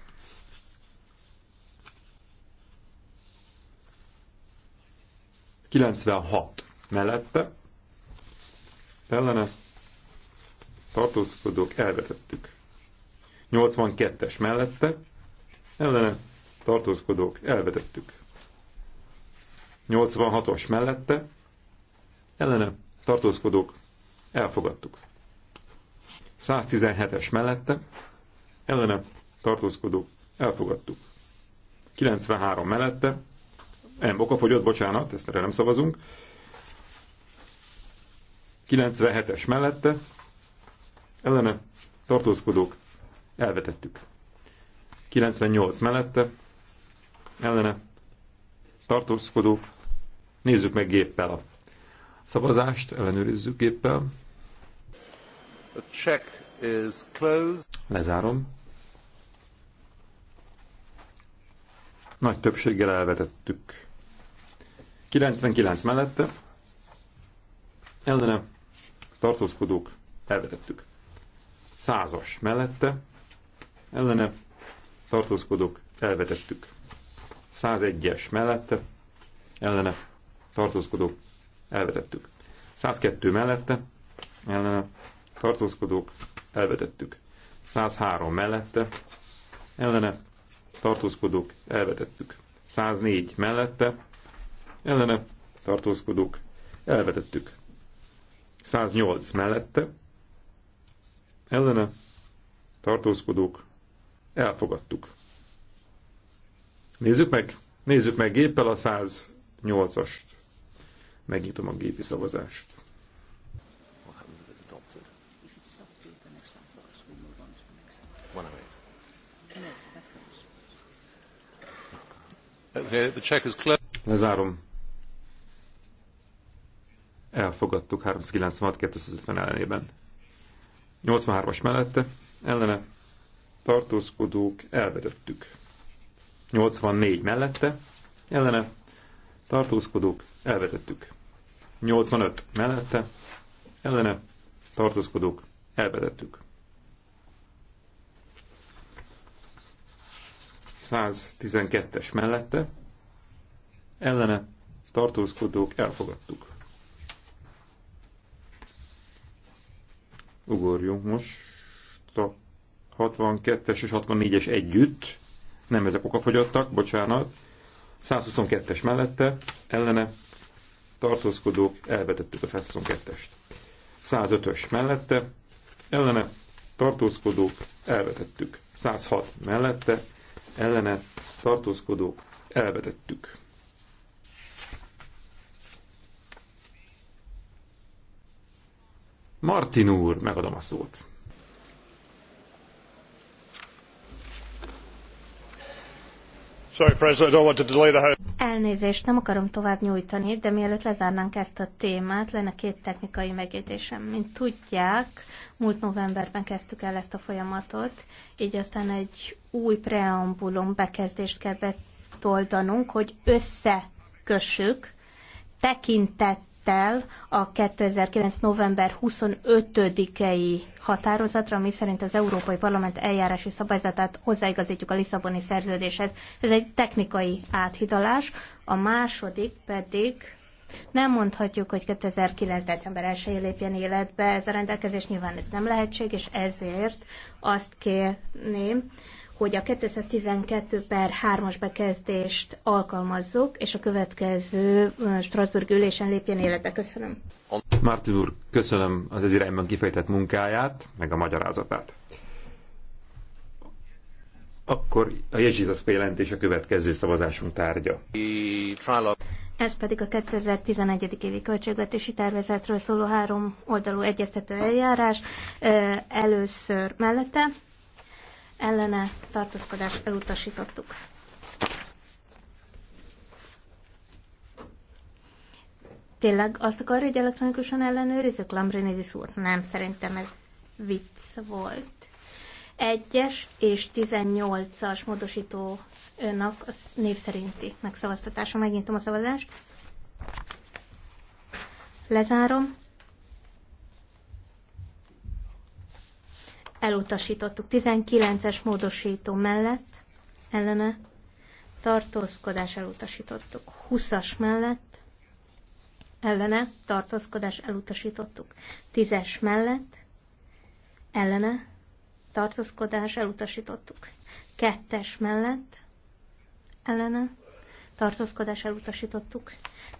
Kilencvenhat mellette ellene tartózkodók elvetettük. 82-es mellette ellene tartózkodók elvetettük. 86-os mellette ellene tartózkodók elfogadtuk. 117-es mellette ellene tartózkodók elfogadtuk. 93 mellette, nem okafogyott, bocsánat, ezt erre nem szavazunk, 97-es mellette, ellene tartózkodók elvetettük. 98 mellette, ellene tartózkodók, nézzük meg géppel a szavazást, ellenőrizzük géppel. The check is closed. Lezárom. Nagy többséggel elvetettük. 99 mellette, ellene tartózkodók, elvetettük. Százas mellette, ellene, tartózkodók, elvetettük. 101-es mellette, ellene, tartózkodók, elvetettük. 102 mellette, ellene, tartózkodók, elvetettük. 103 mellette, ellene, tartózkodók, elvetettük. 104 mellette, ellene, tartózkodók, elvetettük. 108 mellette, ellene tartózkodók, elfogadtuk. Nézzük meg, nézzük meg géppel a 108-ast. Megnyitom a gépi szavazást. Lezárom elfogadtuk 396-250 ellenében. 83-as mellette ellene tartózkodók elvetettük. 84 mellette ellene tartózkodók elvetettük. 85 mellette ellene tartózkodók elvetettük. 112-es mellette ellene tartózkodók elfogadtuk. Ugorjunk most a 62-es és 64-es együtt. Nem ezek okafogyottak, bocsánat. 122-es mellette, ellene tartózkodók, elvetettük a 122-est. 105-ös mellette, ellene tartózkodók, elvetettük. 106 mellette, ellene tartózkodók, elvetettük. Martin úr, megadom a szót. Elnézést, nem akarom tovább nyújtani, de mielőtt lezárnánk ezt a témát, lenne két technikai megjegyzésem. Mint tudják, múlt novemberben kezdtük el ezt a folyamatot, így aztán egy új preambulum bekezdést kell betoldanunk, hogy összekössük tekintet el a 2009. november 25-i határozatra, mi szerint az Európai Parlament eljárási szabályzatát hozzáigazítjuk a Lisszaboni szerződéshez. Ez egy technikai áthidalás. A második pedig nem mondhatjuk, hogy 2009. december 1 lépjen életbe ez a rendelkezés, nyilván ez nem lehetség, és ezért azt kérném, hogy a 212 per 3-as bekezdést alkalmazzuk, és a következő Strasbourg ülésen lépjen életbe. Köszönöm. Mártin úr, köszönöm az ez irányban kifejtett munkáját, meg a magyarázatát. Akkor a jegyzítaszka jelentés a következő szavazásunk tárgya. Ez pedig a 2011. évi költségvetési tervezetről szóló három oldalú egyeztető eljárás. Először mellette ellene tartózkodást elutasítottuk. Tényleg azt akarja, hogy elektronikusan ellenőrizzük? Lambrinidis úr, nem, szerintem ez vicc volt. Egyes és 18-as módosítónak a név szerinti megszavaztatása. Megnyitom a szavazást. Lezárom. elutasítottuk 19-es módosító mellett, ellene tartózkodás elutasítottuk 20-as mellett, ellene tartózkodás elutasítottuk 10-es mellett, ellene tartózkodás elutasítottuk 2-es mellett, ellene tartózkodás elutasítottuk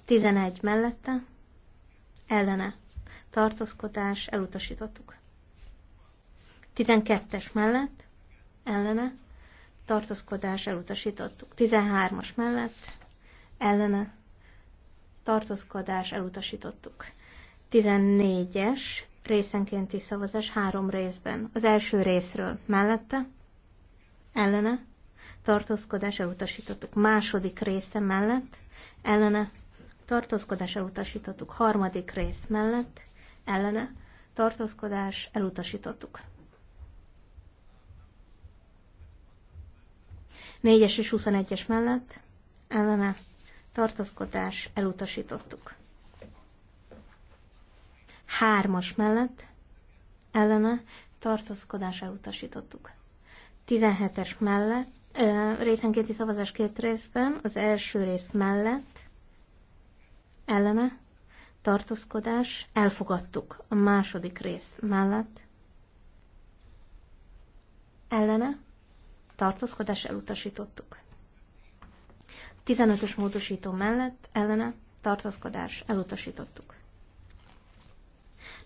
11 mellette, ellene tartózkodás elutasítottuk 12-es mellett ellene tartózkodás elutasítottuk. 13-as mellett ellene tartózkodás elutasítottuk. 14-es részenkénti szavazás három részben. Az első részről mellette ellene tartózkodás elutasítottuk. Második része mellett ellene tartózkodás elutasítottuk. Harmadik rész mellett ellene tartózkodás elutasítottuk. 4-es és 21-es mellett ellene tartózkodás elutasítottuk. 3-as mellett ellene tartózkodás elutasítottuk. 17-es mellett részenkénti szavazás két részben, az első rész mellett ellene tartózkodás elfogadtuk. A második rész mellett ellene tartózkodás elutasítottuk. 15-ös módosító mellett ellene tartózkodás elutasítottuk.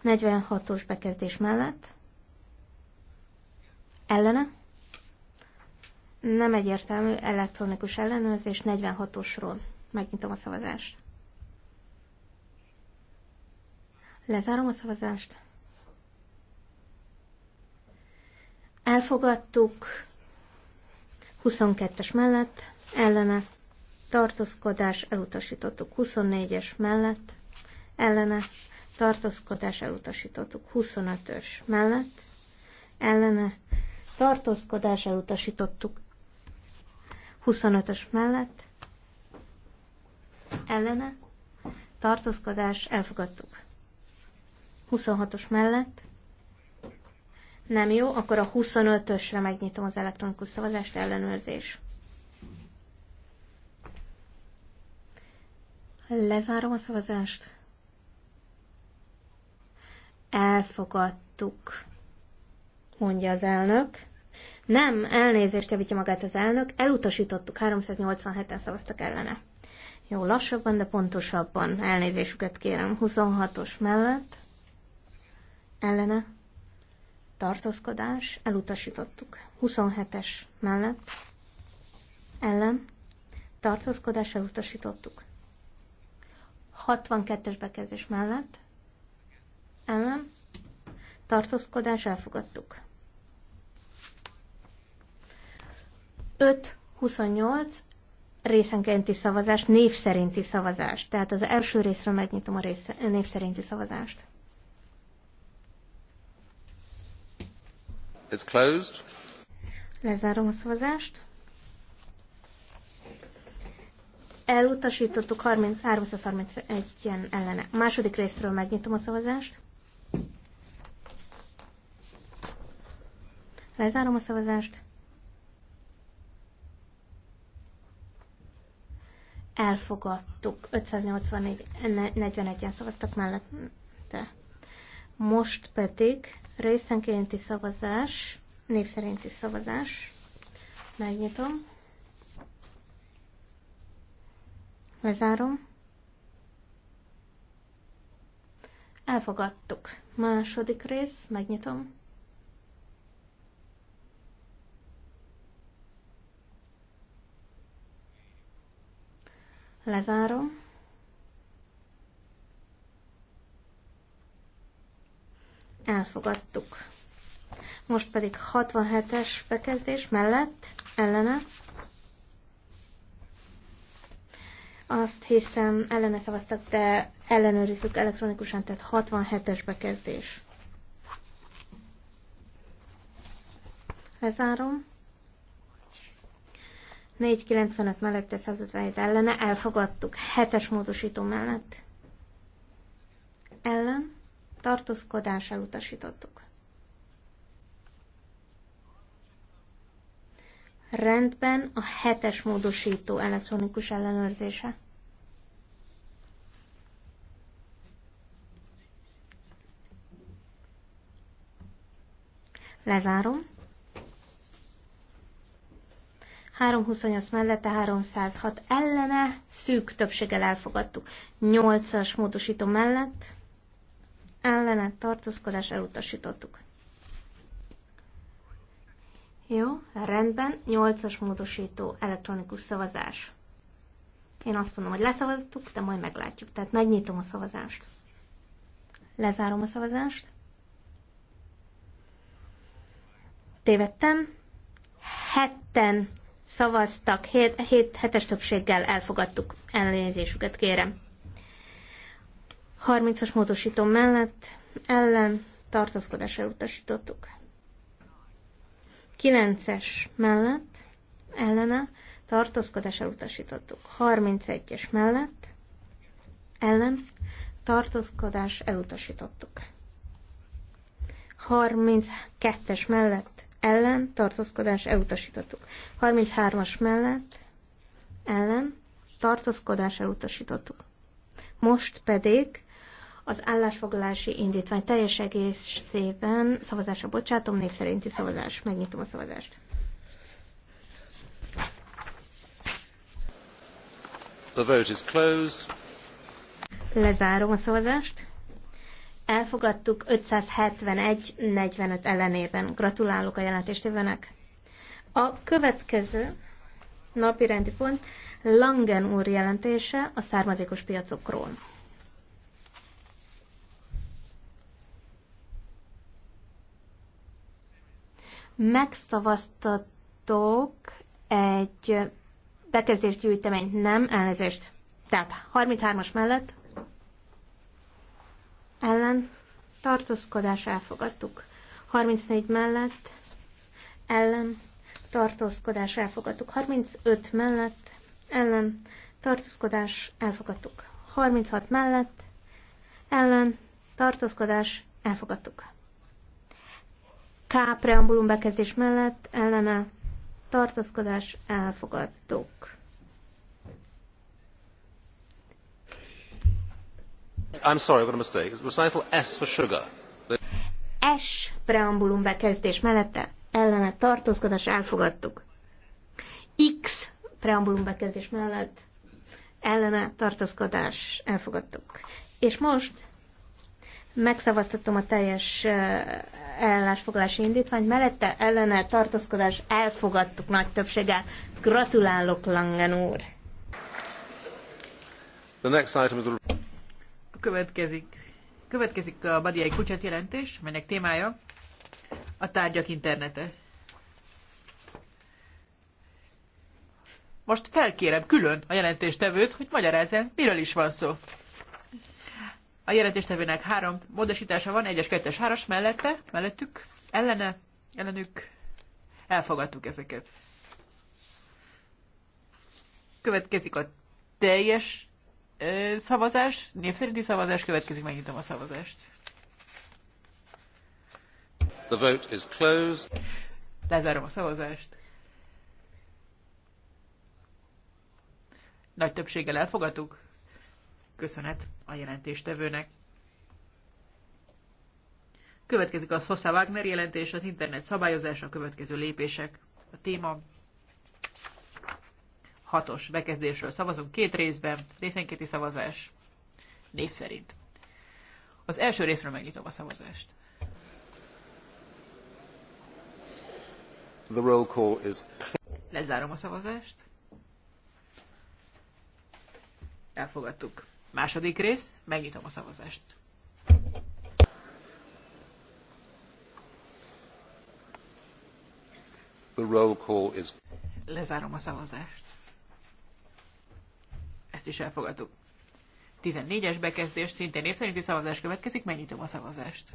46-os bekezdés mellett ellene nem egyértelmű elektronikus ellenőrzés 46-osról. Megnyitom a szavazást. Lezárom a szavazást. Elfogadtuk 22-es mellett ellene tartózkodás elutasítottuk 24-es mellett ellene tartózkodás elutasítottuk 25-ös mellett ellene tartózkodás elutasítottuk 25-ös mellett ellene tartózkodás elfogadtuk 26-os mellett nem jó, akkor a 25-ösre megnyitom az elektronikus szavazást, ellenőrzés. Lezárom a szavazást. Elfogadtuk, mondja az elnök. Nem, elnézést javítja magát az elnök, elutasítottuk, 387-en szavaztak ellene. Jó, lassabban, de pontosabban elnézésüket kérem. 26-os mellett, ellene, tartózkodás, elutasítottuk. 27-es mellett, ellen, tartózkodás, elutasítottuk. 62-es bekezdés mellett, ellen, tartózkodás, elfogadtuk. 5-28 részenkénti szavazás, név szerinti szavazás. Tehát az első részre megnyitom a rész, név szerinti szavazást. It's closed. Lezárom a szavazást. Elutasítottuk 331-en ellene. A második részről megnyitom a szavazást. Lezárom a szavazást. Elfogadtuk. 584, 41-en szavaztak mellette. Most pedig részenkénti szavazás, név szerinti szavazás. Megnyitom. Lezárom. Elfogadtuk. Második rész, megnyitom. Lezárom. elfogadtuk. Most pedig 67-es bekezdés mellett, ellene. Azt hiszem ellene szavaztak, de ellenőrizzük elektronikusan, tehát 67-es bekezdés. Lezárom. 495 mellette 157 ellene, elfogadtuk 7-es módosító mellett. Ellen tartózkodás elutasítottuk. Rendben a hetes módosító elektronikus ellenőrzése. Lezárom. 328 mellette 306 ellene, szűk többséggel elfogadtuk. 8-as módosító mellett ellene tartózkodás elutasítottuk. Jó, rendben, 8-as módosító elektronikus szavazás. Én azt mondom, hogy leszavaztuk, de majd meglátjuk. Tehát megnyitom a szavazást. Lezárom a szavazást. Tévedtem. Hetten szavaztak, hét, hét, hetes többséggel elfogadtuk. Elnézésüket kérem. 30-as módosító mellett ellen tartózkodás elutasítottuk. 9-es mellett ellene tartózkodás elutasítottuk. 31-es mellett ellen tartózkodás elutasítottuk. 32-es mellett ellen tartózkodás elutasítottuk. 33-as mellett ellen tartózkodás elutasítottuk. Most pedig az állásfoglalási indítvány teljes egészében szavazásra bocsátom, név szerinti szavazás. Megnyitom a szavazást. The vote is closed. Lezárom a szavazást. Elfogadtuk 571-45 ellenében. Gratulálok a jelentéstévenek. A következő napi rendi pont Langen úr jelentése a származékos piacokról. megszavaztatok egy bekezdés gyűjteményt, nem, elnézést. Tehát 33-as mellett ellen tartózkodás elfogadtuk. 34 mellett ellen tartózkodás elfogadtuk. 35 mellett ellen tartózkodás elfogadtuk. 36 mellett ellen tartózkodás elfogadtuk. K preambulum bekezdés mellett ellene tartózkodás elfogadtuk. I'm sorry, I've got a mistake. It's recital S for sugar. S preambulum bekezdés mellette ellene tartózkodás elfogadtuk. X preambulum bekezdés mellett ellene tartózkodás elfogadtuk. És most megszavaztatom a teljes ellásfoglalási indítványt, mellette ellene tartózkodás elfogadtuk nagy többséggel. Gratulálok, Langen úr! The next item is a... Következik. Következik a Badiai Kucsát jelentés, melynek témája a tárgyak internete. Most felkérem külön a jelentéstevőt, hogy magyarázzen, miről is van szó a nevének három módosítása van, egyes, kettes, háros mellette, mellettük, ellene, ellenük elfogadtuk ezeket. Következik a teljes ö, szavazás, népszerinti szavazás, következik, megnyitom a szavazást. The vote is closed. Lezárom a szavazást. Nagy többséggel elfogadtuk. Köszönet a jelentéstevőnek. Következik a Sosa Wagner jelentés, az internet szabályozása, a következő lépések. A téma hatos bekezdésről szavazunk két részben, részenkéti szavazás név szerint. Az első részről megnyitom a szavazást. The roll call is... Lezárom a szavazást. Elfogadtuk. Második rész, megnyitom a szavazást. The roll call is... Lezárom a szavazást. Ezt is elfogadtuk. 14-es bekezdés, szintén népszerinti szavazás következik, megnyitom a szavazást.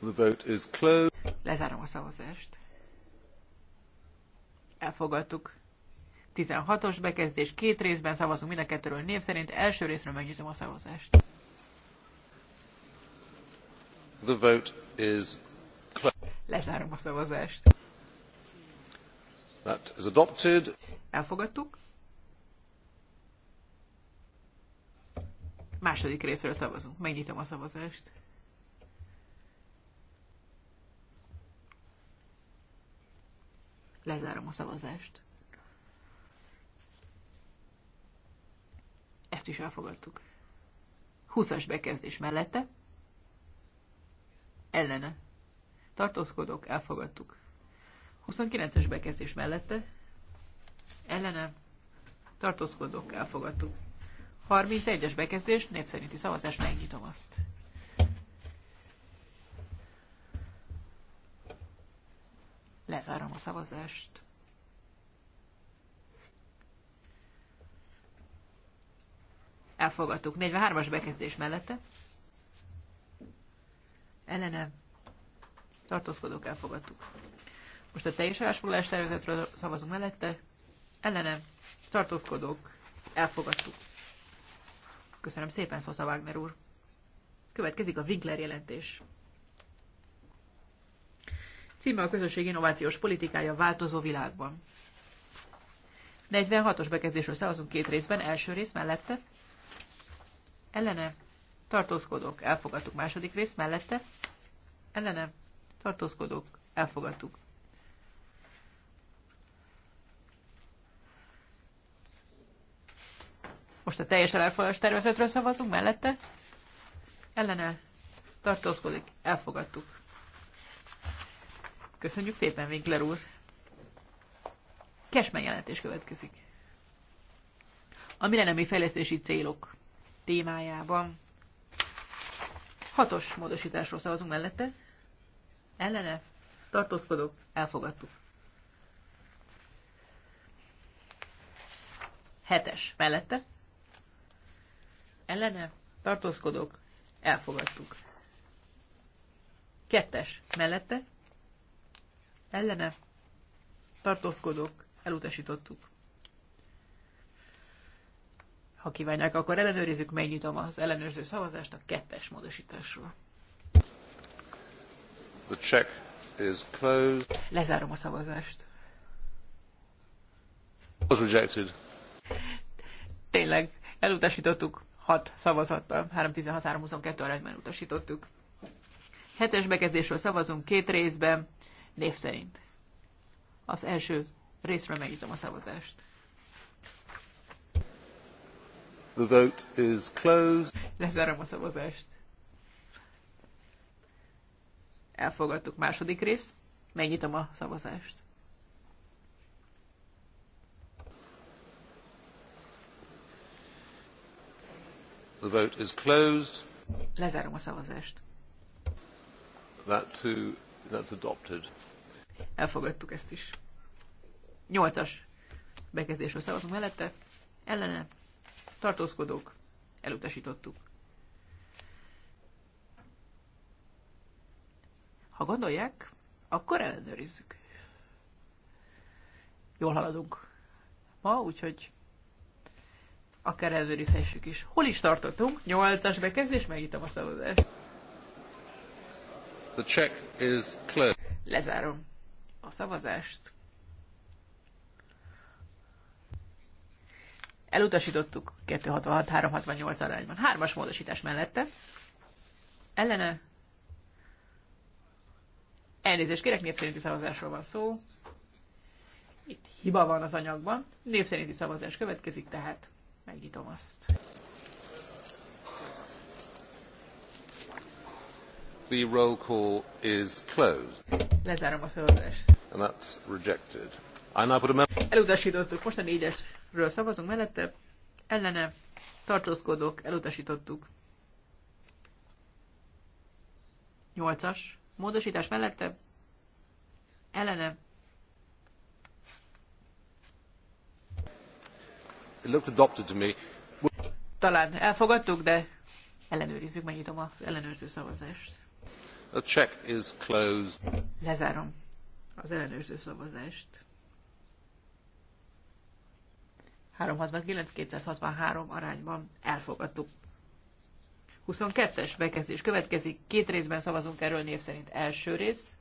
The vote is closed. Lezárom a szavazást. Elfogadtuk. 16-os bekezdés, két részben szavazunk mind a kettőről név szerint. Első részről megnyitom a szavazást. The vote is Lezárom a szavazást. That is adopted. Elfogadtuk. Második részről szavazunk. Megnyitom a szavazást. Lezárom a szavazást. ezt is elfogadtuk. 20 bekezdés mellette, ellene, tartózkodok, elfogadtuk. 29-es bekezdés mellette, ellene, tartózkodok, elfogadtuk. 31-es bekezdés, népszerinti szavazás, megnyitom azt. Lezárom a szavazást. elfogadtuk. 43-as bekezdés mellette ellene tartózkodók elfogadtuk. Most a teljes állásfoglalás tervezetről szavazunk mellette, ellene tartózkodók elfogadtuk. Köszönöm szépen, Szosza Wagner úr. Következik a Winkler jelentés. Címe a közösség innovációs politikája változó világban. 46-os bekezdésről szavazunk két részben, első rész mellette, ellene tartózkodok, elfogadtuk. Második rész mellette, ellene tartózkodok, elfogadtuk. Most a teljes elfogadás tervezetről szavazunk mellette, ellene tartózkodik, elfogadtuk. Köszönjük szépen, Winkler úr! Kesmen jelentés következik. A millenemi fejlesztési célok témájában. Hatos módosításról szavazunk mellette. Ellene Tartózkodok. elfogadtuk. Hetes mellette. Ellene Tartózkodok. elfogadtuk. Kettes mellette. Ellene Tartózkodok. elutasítottuk. Ha kívánják, akkor ellenőrizzük, megnyitom az ellenőrző szavazást a kettes módosításról. The check is closed. Lezárom a szavazást. Was rejected. Tényleg, elutasítottuk 6 szavazattal, 3-16-3-22 arányban utasítottuk. Hetes bekezdésről szavazunk két részben, név szerint. Az első részről megnyitom a szavazást. The vote is closed. Lezárom a szavazást. Elfogadtuk második részt. Megnyitom a szavazást. The vote is closed. Lezárom a szavazást. That too, that's adopted. Elfogadtuk ezt is. Nyolcas bekezdésről szavazunk mellette. Ellene tartózkodók, elutasítottuk. Ha gondolják, akkor ellenőrizzük. Jól haladunk ma, úgyhogy akár ellenőrizhessük is. Hol is tartottunk? Nyolcas bekezdés, megnyitom a szavazást. The check is clear. Lezárom a szavazást. Elutasítottuk 266-368 arányban. Hármas módosítás mellette. Ellene. Elnézést kérek, népszerinti szavazásról van szó. Itt hiba van az anyagban. Népszerinti szavazás következik, tehát megnyitom azt. The roll call is closed. Lezárom a szavazást. And that's rejected. I now put a... Elutasítottuk. Most a négyes ről szavazunk mellette, ellene tartózkodók elutasítottuk. 8-as módosítás mellette, ellene It looks adopted to me. Talán elfogadtuk, de ellenőrizzük, megnyitom az ellenőrző szavazást. The check is closed. Lezárom az ellenőrző szavazást. 369-263 arányban elfogadtuk. 22-es bekezdés következik, két részben szavazunk erről név szerint. Első rész,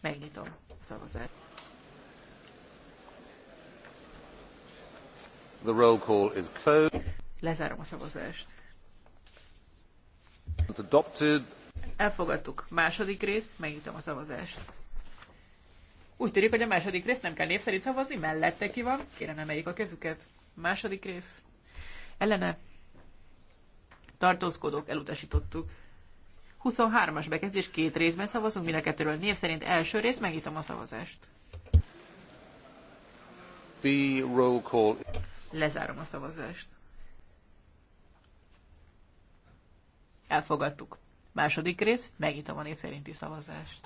megnyitom a szavazást. The roll call is closed. Lezárom a szavazást. Adopted. Elfogadtuk. Második rész, megnyitom a szavazást. Úgy tűnik, hogy a második rész nem kell név szerint szavazni, mellette ki van. Kérem, emeljék a kezüket. Második rész. Ellene. Tartózkodók, elutasítottuk. 23-as bekezdés két részben szavazunk, mind a kettőről név szerint első rész, megítom a szavazást. The roll call. Lezárom a szavazást. Elfogadtuk. Második rész, megítom a név szerinti szavazást.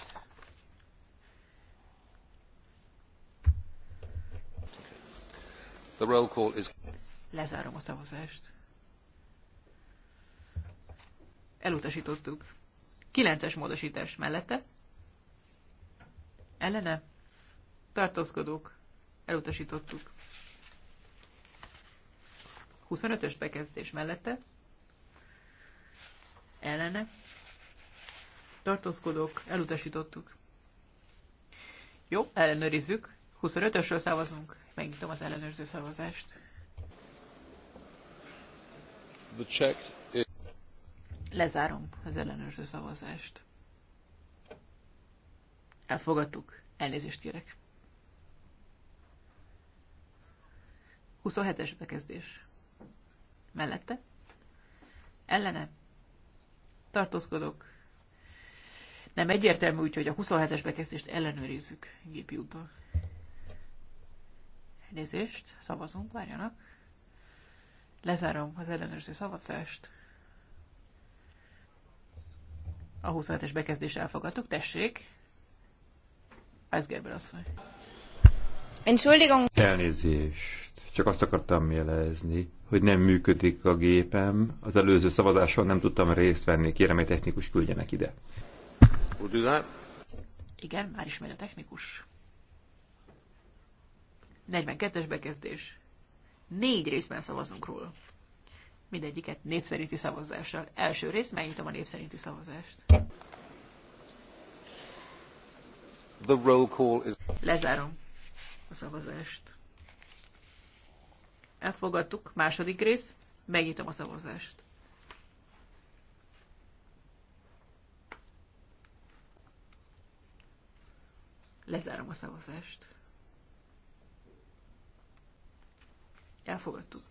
The roll call is... Lezárom a szavazást. Elutasítottuk. kilences módosítás mellette. Ellene. Tartózkodók. Elutasítottuk. 25-ös bekezdés mellette. Ellene. Tartózkodók. Elutasítottuk. Jó, ellenőrizzük. 25-ösről szavazunk. Megnyitom az ellenőrző szavazást. The check is... Lezárom az ellenőrző szavazást. Elfogadtuk. Elnézést kérek. 27-es bekezdés. Mellette? Ellene? Tartózkodok. Nem egyértelmű, úgyhogy a 27-es bekezdést ellenőrizzük gépjúttal. Elnézést, szavazunk, várjanak. Lezárom az ellenőrző szavazást. A 27-es bekezdés elfogadtuk, tessék. Weisgerber asszony. Entschuldigung. Elnézést. Csak azt akartam jelezni, hogy nem működik a gépem. Az előző szavazáson nem tudtam részt venni. Kérem, egy technikus küldjenek ide. Igen, már is megy a technikus. 42-es bekezdés. Négy részben szavazunk róla. Mindegyiket népszerinti szavazással. Első rész, megnyitom a népszerinti szavazást. The roll call is... Lezárom a szavazást. Elfogadtuk. Második rész. Megnyitom a szavazást. Lezárom a szavazást. Elfogadtuk.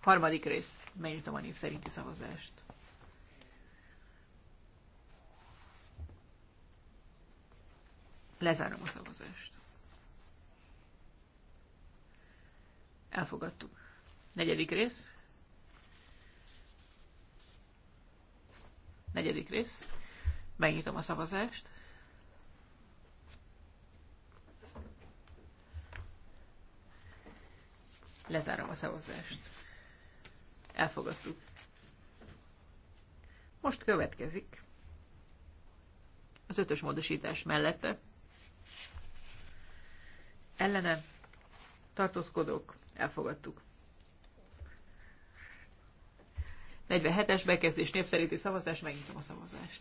Harmadik rész. Megnyitom a név szerinti szavazást. Lezárom a szavazást. Elfogadtuk. Negyedik rész. Negyedik rész. Megnyitom a szavazást. Lezárom a szavazást. Elfogadtuk. Most következik az ötös módosítás mellette. Ellene tartózkodók, elfogadtuk. 47-es bekezdés népszerűti szavazás, megnyitom a szavazást.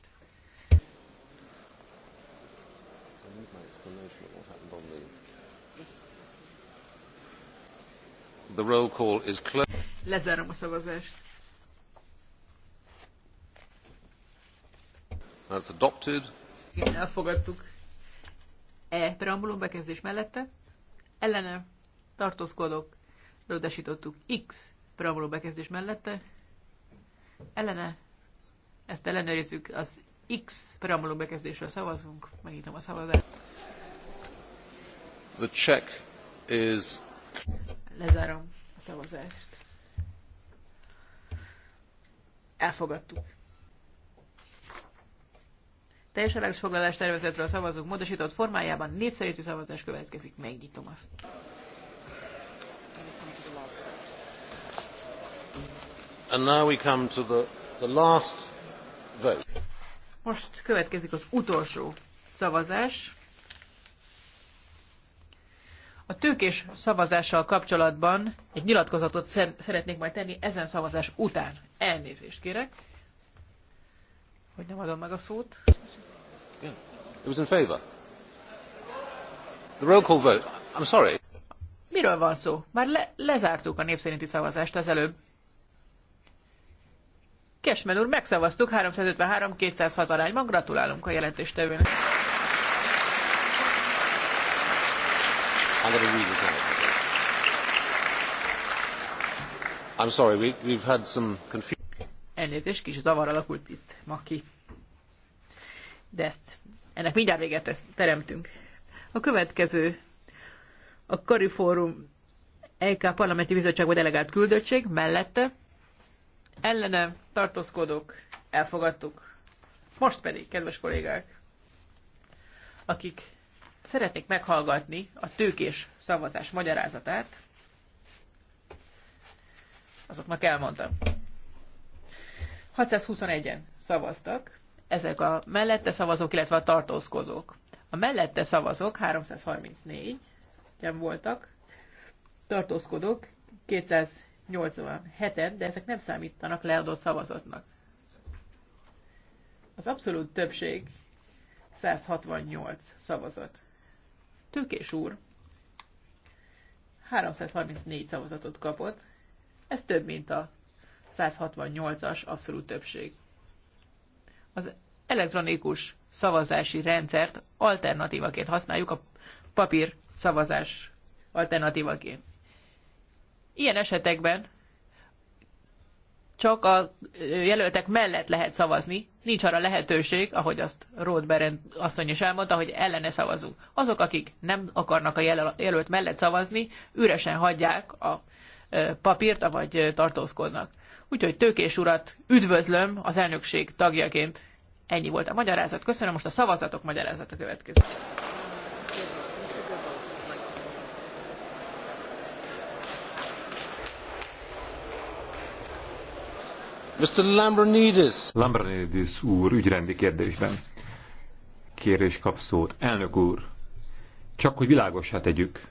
Yes. The roll call is closed. Lezárom a szavazást. That's adopted. Elfogadtuk. E preambulum bekezdés mellette. Ellene tartózkodok. Elutasítottuk. X preambulum bekezdés mellette. Ellene. Ezt ellenőrizzük. Az X preambulum bekezdésről szavazunk. Megnyitom a szavazást. The check is Lezárom a szavazást. Elfogadtuk. Teljes foglalás tervezetről szavazók módosított formájában népszerűtő szavazás következik. Megnyitom azt. And now we come to the, the last vote. Most következik az utolsó szavazás. A tőkés szavazással kapcsolatban egy nyilatkozatot szeretnék majd tenni ezen szavazás után. Elnézést kérek, hogy nem adom meg a szót. It was in favor. The roll call vote. I'm sorry. Miről van szó? Már le- lezártuk a népszerinti szavazást az előbb. Kesmen úr, megszavaztuk 353-206 arányban. Gratulálunk a jelentéstevőnek. I'm going to read it out. I'm sorry, we, we've had some confusion. Elnézést, kis zavar alakult itt ma ki. De ezt, ennek mindjárt véget ezt teremtünk. A következő a Karifórum EK Parlamenti Bizottságban delegált küldöttség mellette ellene tartózkodók elfogadtuk. Most pedig, kedves kollégák, akik Szeretnék meghallgatni a tőkés szavazás magyarázatát. Azoknak elmondtam. 621-en szavaztak, ezek a mellette szavazók, illetve a tartózkodók. A mellette szavazók 334 nem voltak, tartózkodók 287-en, de ezek nem számítanak leadott szavazatnak. Az abszolút többség 168 szavazat. Tőkés úr 334 szavazatot kapott, ez több, mint a 168-as abszolút többség. Az elektronikus szavazási rendszert alternatívaként használjuk a papír szavazás alternatívaként. Ilyen esetekben csak a jelöltek mellett lehet szavazni, nincs arra lehetőség, ahogy azt Roth Berend asszony is elmondta, hogy ellene szavazunk. Azok, akik nem akarnak a jelölt mellett szavazni, üresen hagyják a papírt, vagy tartózkodnak. Úgyhogy Tőkés urat üdvözlöm az elnökség tagjaként. Ennyi volt a magyarázat. Köszönöm, most a szavazatok magyarázata következik. Mr. úr ügyrendi kérdésben. Kérés kap szót. Elnök úr, csak hogy világosá tegyük,